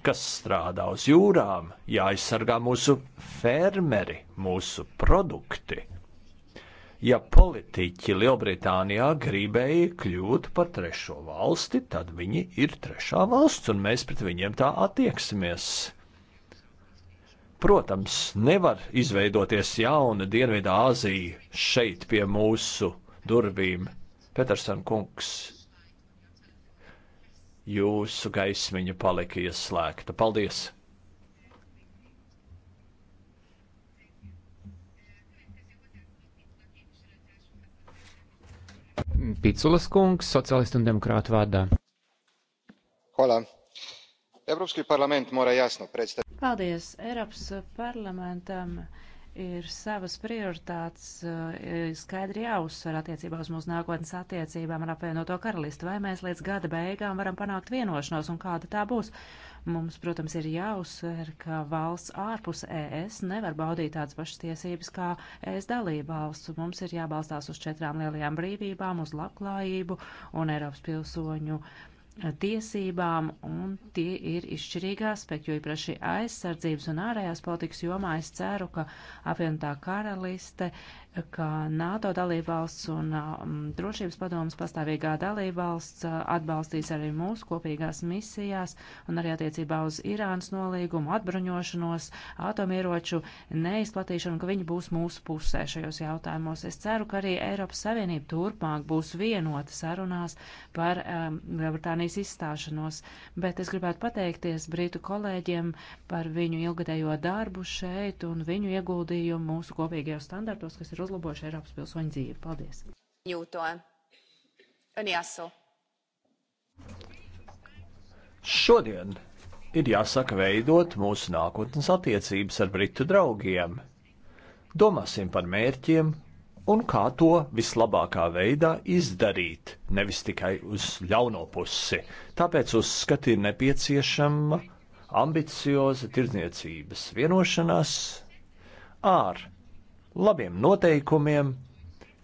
Speaker 3: kas strādā uz jūrām, jāaizsargā mūsu fermeri, mūsu produkti. Ja politiķi Lielbritānijā gribēja kļūt par trešo valsti, tad viņi ir trešā valsts, un mēs pret viņiem tā attieksimies. Protams, nevar izveidoties jauna Dienvidā Azija šeit pie mūsu durvīm. Petersen kungs, jūsu gaismiņa palika ieslēgta. Paldies! Piculas
Speaker 1: kungs, sociālistu un demokrātu vārdā. Hola. Europski parlament mora jasno predstaviti.
Speaker 2: Paldies. Eiropas parlamentam ir savas prioritātes e, skaidri jāuzsver attiecībā uz mūsu nākotnes attiecībām ar apvienoto karalisti. Vai mēs līdz gada beigām varam panākt vienošanos un kāda tā būs? Mums, protams, ir jāuzsver, ka valsts ārpus ES nevar baudīt tādas pašas tiesības kā ES dalībvalsts. Mums ir jābalstās uz četrām lielajām brīvībām, uz labklājību un Eiropas pilsoņu uh, tiesībām, un tie ir izšķirīgi aspekti, jo īpaši aizsardzības un ārējās politikas jomā es ceru, ka apvienotā karaliste ka NATO dalībvalsts un um, drošības padomas pastāvīgā dalībvalsts uh, atbalstīs arī mūsu kopīgās misijās un arī attiecībā uz Irānas nolīgumu, atbruņošanos, atomieroču neizplatīšanu, ka viņi būs mūsu pusē šajos jautājumos. Es ceru, ka arī Eiropas Savienība turpmāk būs vienota sarunās par um, Lielbritānijas izstāšanos, bet es gribētu pateikties Brītu kolēģiem par viņu ilgadējo darbu šeit un viņu ieguldījumu mūsu kopīgajos standartos, kas ir ir uzlabojuši Eiropas pilsoņu dzīvi. Paldies!
Speaker 3: Jūton. Un jāsu. Šodien ir jāsaka veidot mūsu nākotnes attiecības ar britu draugiem. Domāsim par mērķiem un kā to vislabākā veidā izdarīt, nevis tikai uz ļauno pusi. Tāpēc uzskati ir nepieciešama ambicioza tirdzniecības vienošanās ar labiem noteikumiem,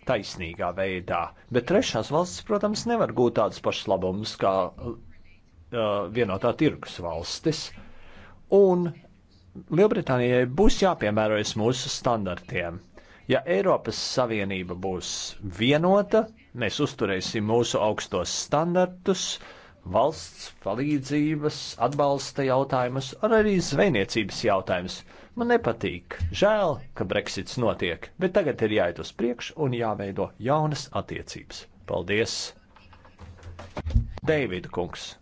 Speaker 3: taisnīgā veidā. Bet trešās valstis, protams, nevar gūt tādas pašas labumus kā uh, vienotā tirgus valstis. Un Lielbritānijai būs jāpiemērojas mūsu standartiem. Ja Eiropas Savienība būs vienota, mēs uzturēsim mūsu augstos standartus, valsts palīdzības, atbalsta jautājumus, ar arī zvejniecības jautājumus. Man nepatīk. Žēl, ka Brexits notiek, bet tagad ir jāiet uz priekšu un jāveido jaunas attiecības. Paldies! Deivida kungs!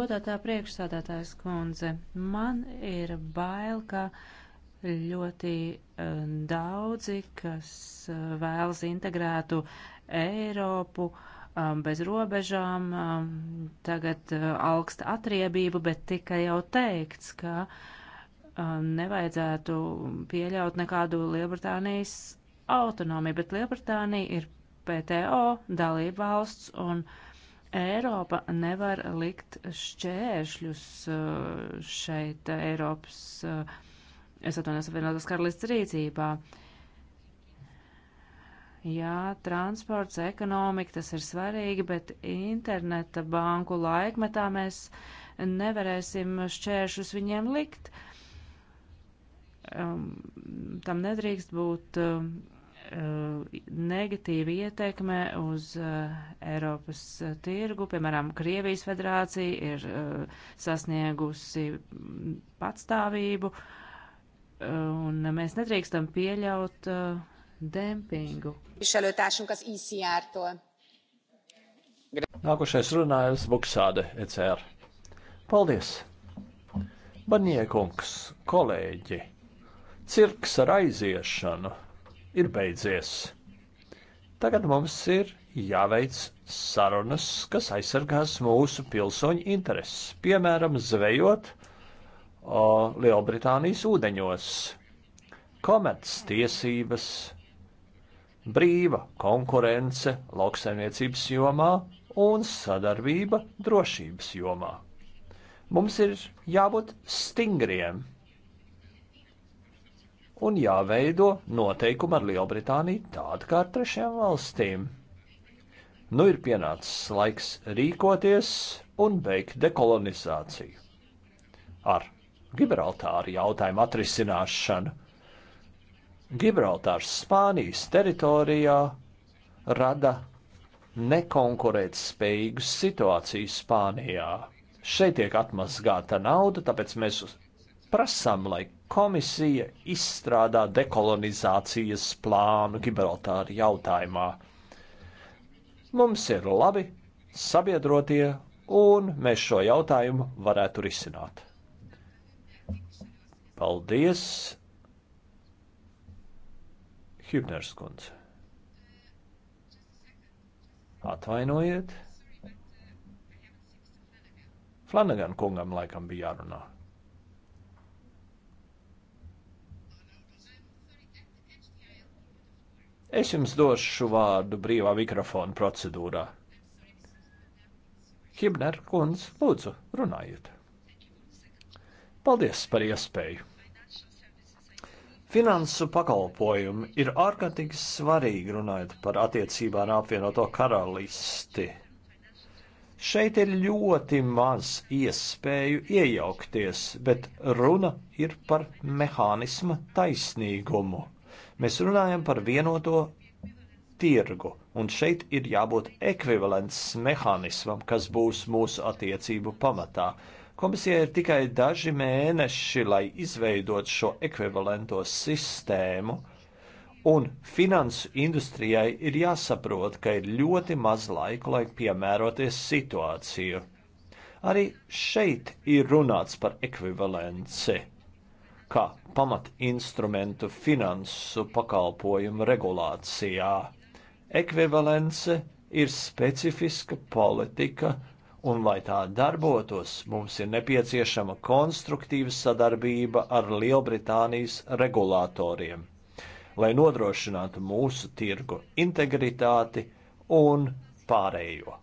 Speaker 2: Godātā priekšsādātājs kundze, man ir bail, ka. Uh, ļoti e, daudzi, kas e, vēlas integrētu Eiropu e, bez robežām, tagad augsta atriebību, bet tika jau teikts, ka nevajadzētu pieļaut nekādu Lielbritānijas autonomiju, bet Lielbritānija ir PTO dalība valsts un Eiropa nevar likt šķēršļus šeit Eiropas uh, es atvainojos apvienotās karalists rīcībā. Jā, transports, ekonomika, tas ir svarīgi, bet interneta banku laikmetā mēs nevarēsim šķēršus viņiem likt. Um, tam nedrīkst būt um, uh, negatīva ietekme uz uh, Eiropas uh, tirgu. Piemēram, Krievijas federācija ir uh, sasniegusi mm, patstāvību. Uh, un mēs nedrīkstam pieļaut uh, dempingu. E
Speaker 3: Nākošais runājums Buksāde ECR. Paldies! Baniekungs, kolēģi, cirks ar aiziešanu ir beidzies. Tagad mums ir jāveic sarunas, kas aizsargās mūsu pilsoņu intereses, piemēram, zvejot Lielbritānijas ūdeņos. Komerces tiesības, brīva konkurence lauksaimniecības jomā un sadarbība drošības jomā. Mums ir jābūt stingriem un jāveido noteikumi ar Lielbritāniju tādu kā ar trešajām valstīm. Nu ir pienācis laiks rīkoties un beigt dekolonizāciju ar Gibraltāra jautājumu atrisināšanu. Gibraltārs Spānijas teritorijā rada nekonkurētspējīgu situāciju Spānijā. Šeit tiek atmazgāta nauda, tāpēc mēs prasām, lai komisija izstrādā dekolonizācijas plānu Gibraltāra jautājumā. Mums ir labi sabiedrotie, un mēs šo jautājumu varētu risināt. Paldies! Hübners kundze. Atvainojiet. Flanagan kungam laikam bija jārunā. Es jums došu vārdu brīvā mikrofona procedūrā. Hibner kundze, lūdzu, runājiet. Paldies par iespēju. Finansu pakalpojumi ir ārkārtīgi svarīgi runājot par attiecībām ar apvienoto karalisti. Šeit ir ļoti maz iespēju iejaukties, bet runa ir par mehānisma taisnīgumu. Mēs runājam par vienoto tirgu, un šeit ir jābūt ekvivalents mehānismam, kas būs mūsu attiecību pamatā. Komisijai ir tikai daži mēneši, lai izveidot šo ekvivalento sistēmu, un finansu industrijai ir jāsaprot, ka ir ļoti maz laika, lai piemēroties situāciju. Arī šeit ir runāts par ekvivalenci, kā pamatinstrumentu finansu pakalpojumu regulācijā. Ekvivalence ir specifiska politika, Un, lai tā darbotos, mums ir nepieciešama konstruktīva sadarbība ar Lielbritānijas regulātoriem, lai nodrošinātu mūsu tirgu integritāti un pārējo.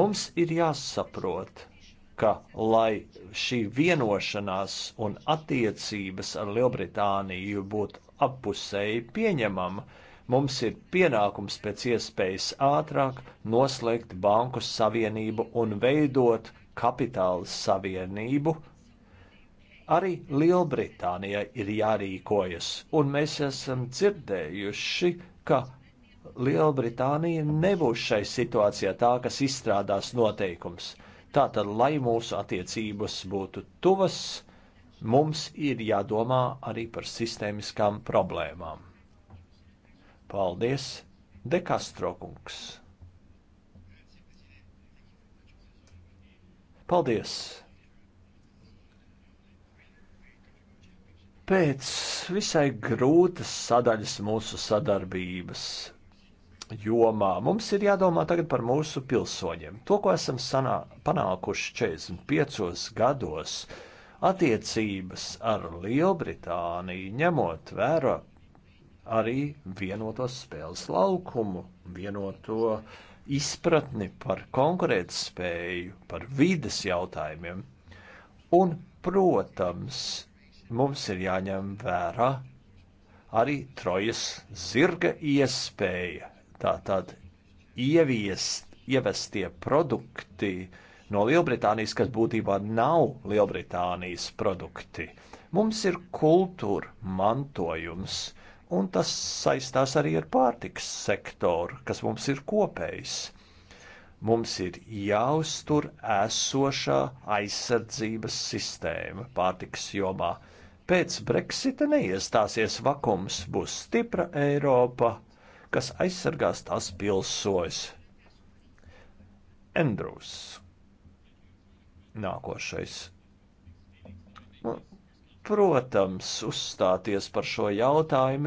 Speaker 3: Mums ir jāsaprot, ka, lai šī vienošanās un attiecības ar Lielbritāniju būtu appusēji pieņemama, Mums ir pienākums pēc iespējas ātrāk noslēgt banku savienību un veidot kapitāla savienību. Arī Lielbritānijai ir jārīkojas, un mēs esam dzirdējuši, ka Lielbritānija nebūs šai situācijā tā, kas izstrādās noteikums. Tātad, lai mūsu attiecības būtu tuvas, mums ir jādomā arī par sistēmiskām problēmām. Paldies, Dekastro kungs! Paldies! Pēc visai grūtas sadaļas mūsu sadarbības jomā mums ir jādomā tagad par mūsu pilsoņiem. To, ko esam sanā, panākuši 45 gados, attiecības ar Lielbritāniju, ņemot vērā arī vienotos spēles laukumu, vienoto izpratni par konkurētspēju, par vides jautājumiem. Un, protams, mums ir jāņem vērā arī trojas zirga iespēja, tātad ieviest, ievestie produkti no Lielbritānijas, kas būtībā nav Lielbritānijas produkti. Mums ir kultūra, mantojums, un tas saistās arī ar pārtiks sektoru, kas mums ir kopējs. Mums ir jāuztur esošā aizsardzības sistēma pārtiks jomā. Pēc Brexita neiestāsies vakums, būs stipra Eiropa, kas aizsargās tās pilsojas. Andrūs. Nākošais. Nu, protams, uzstāties par šo jautājumu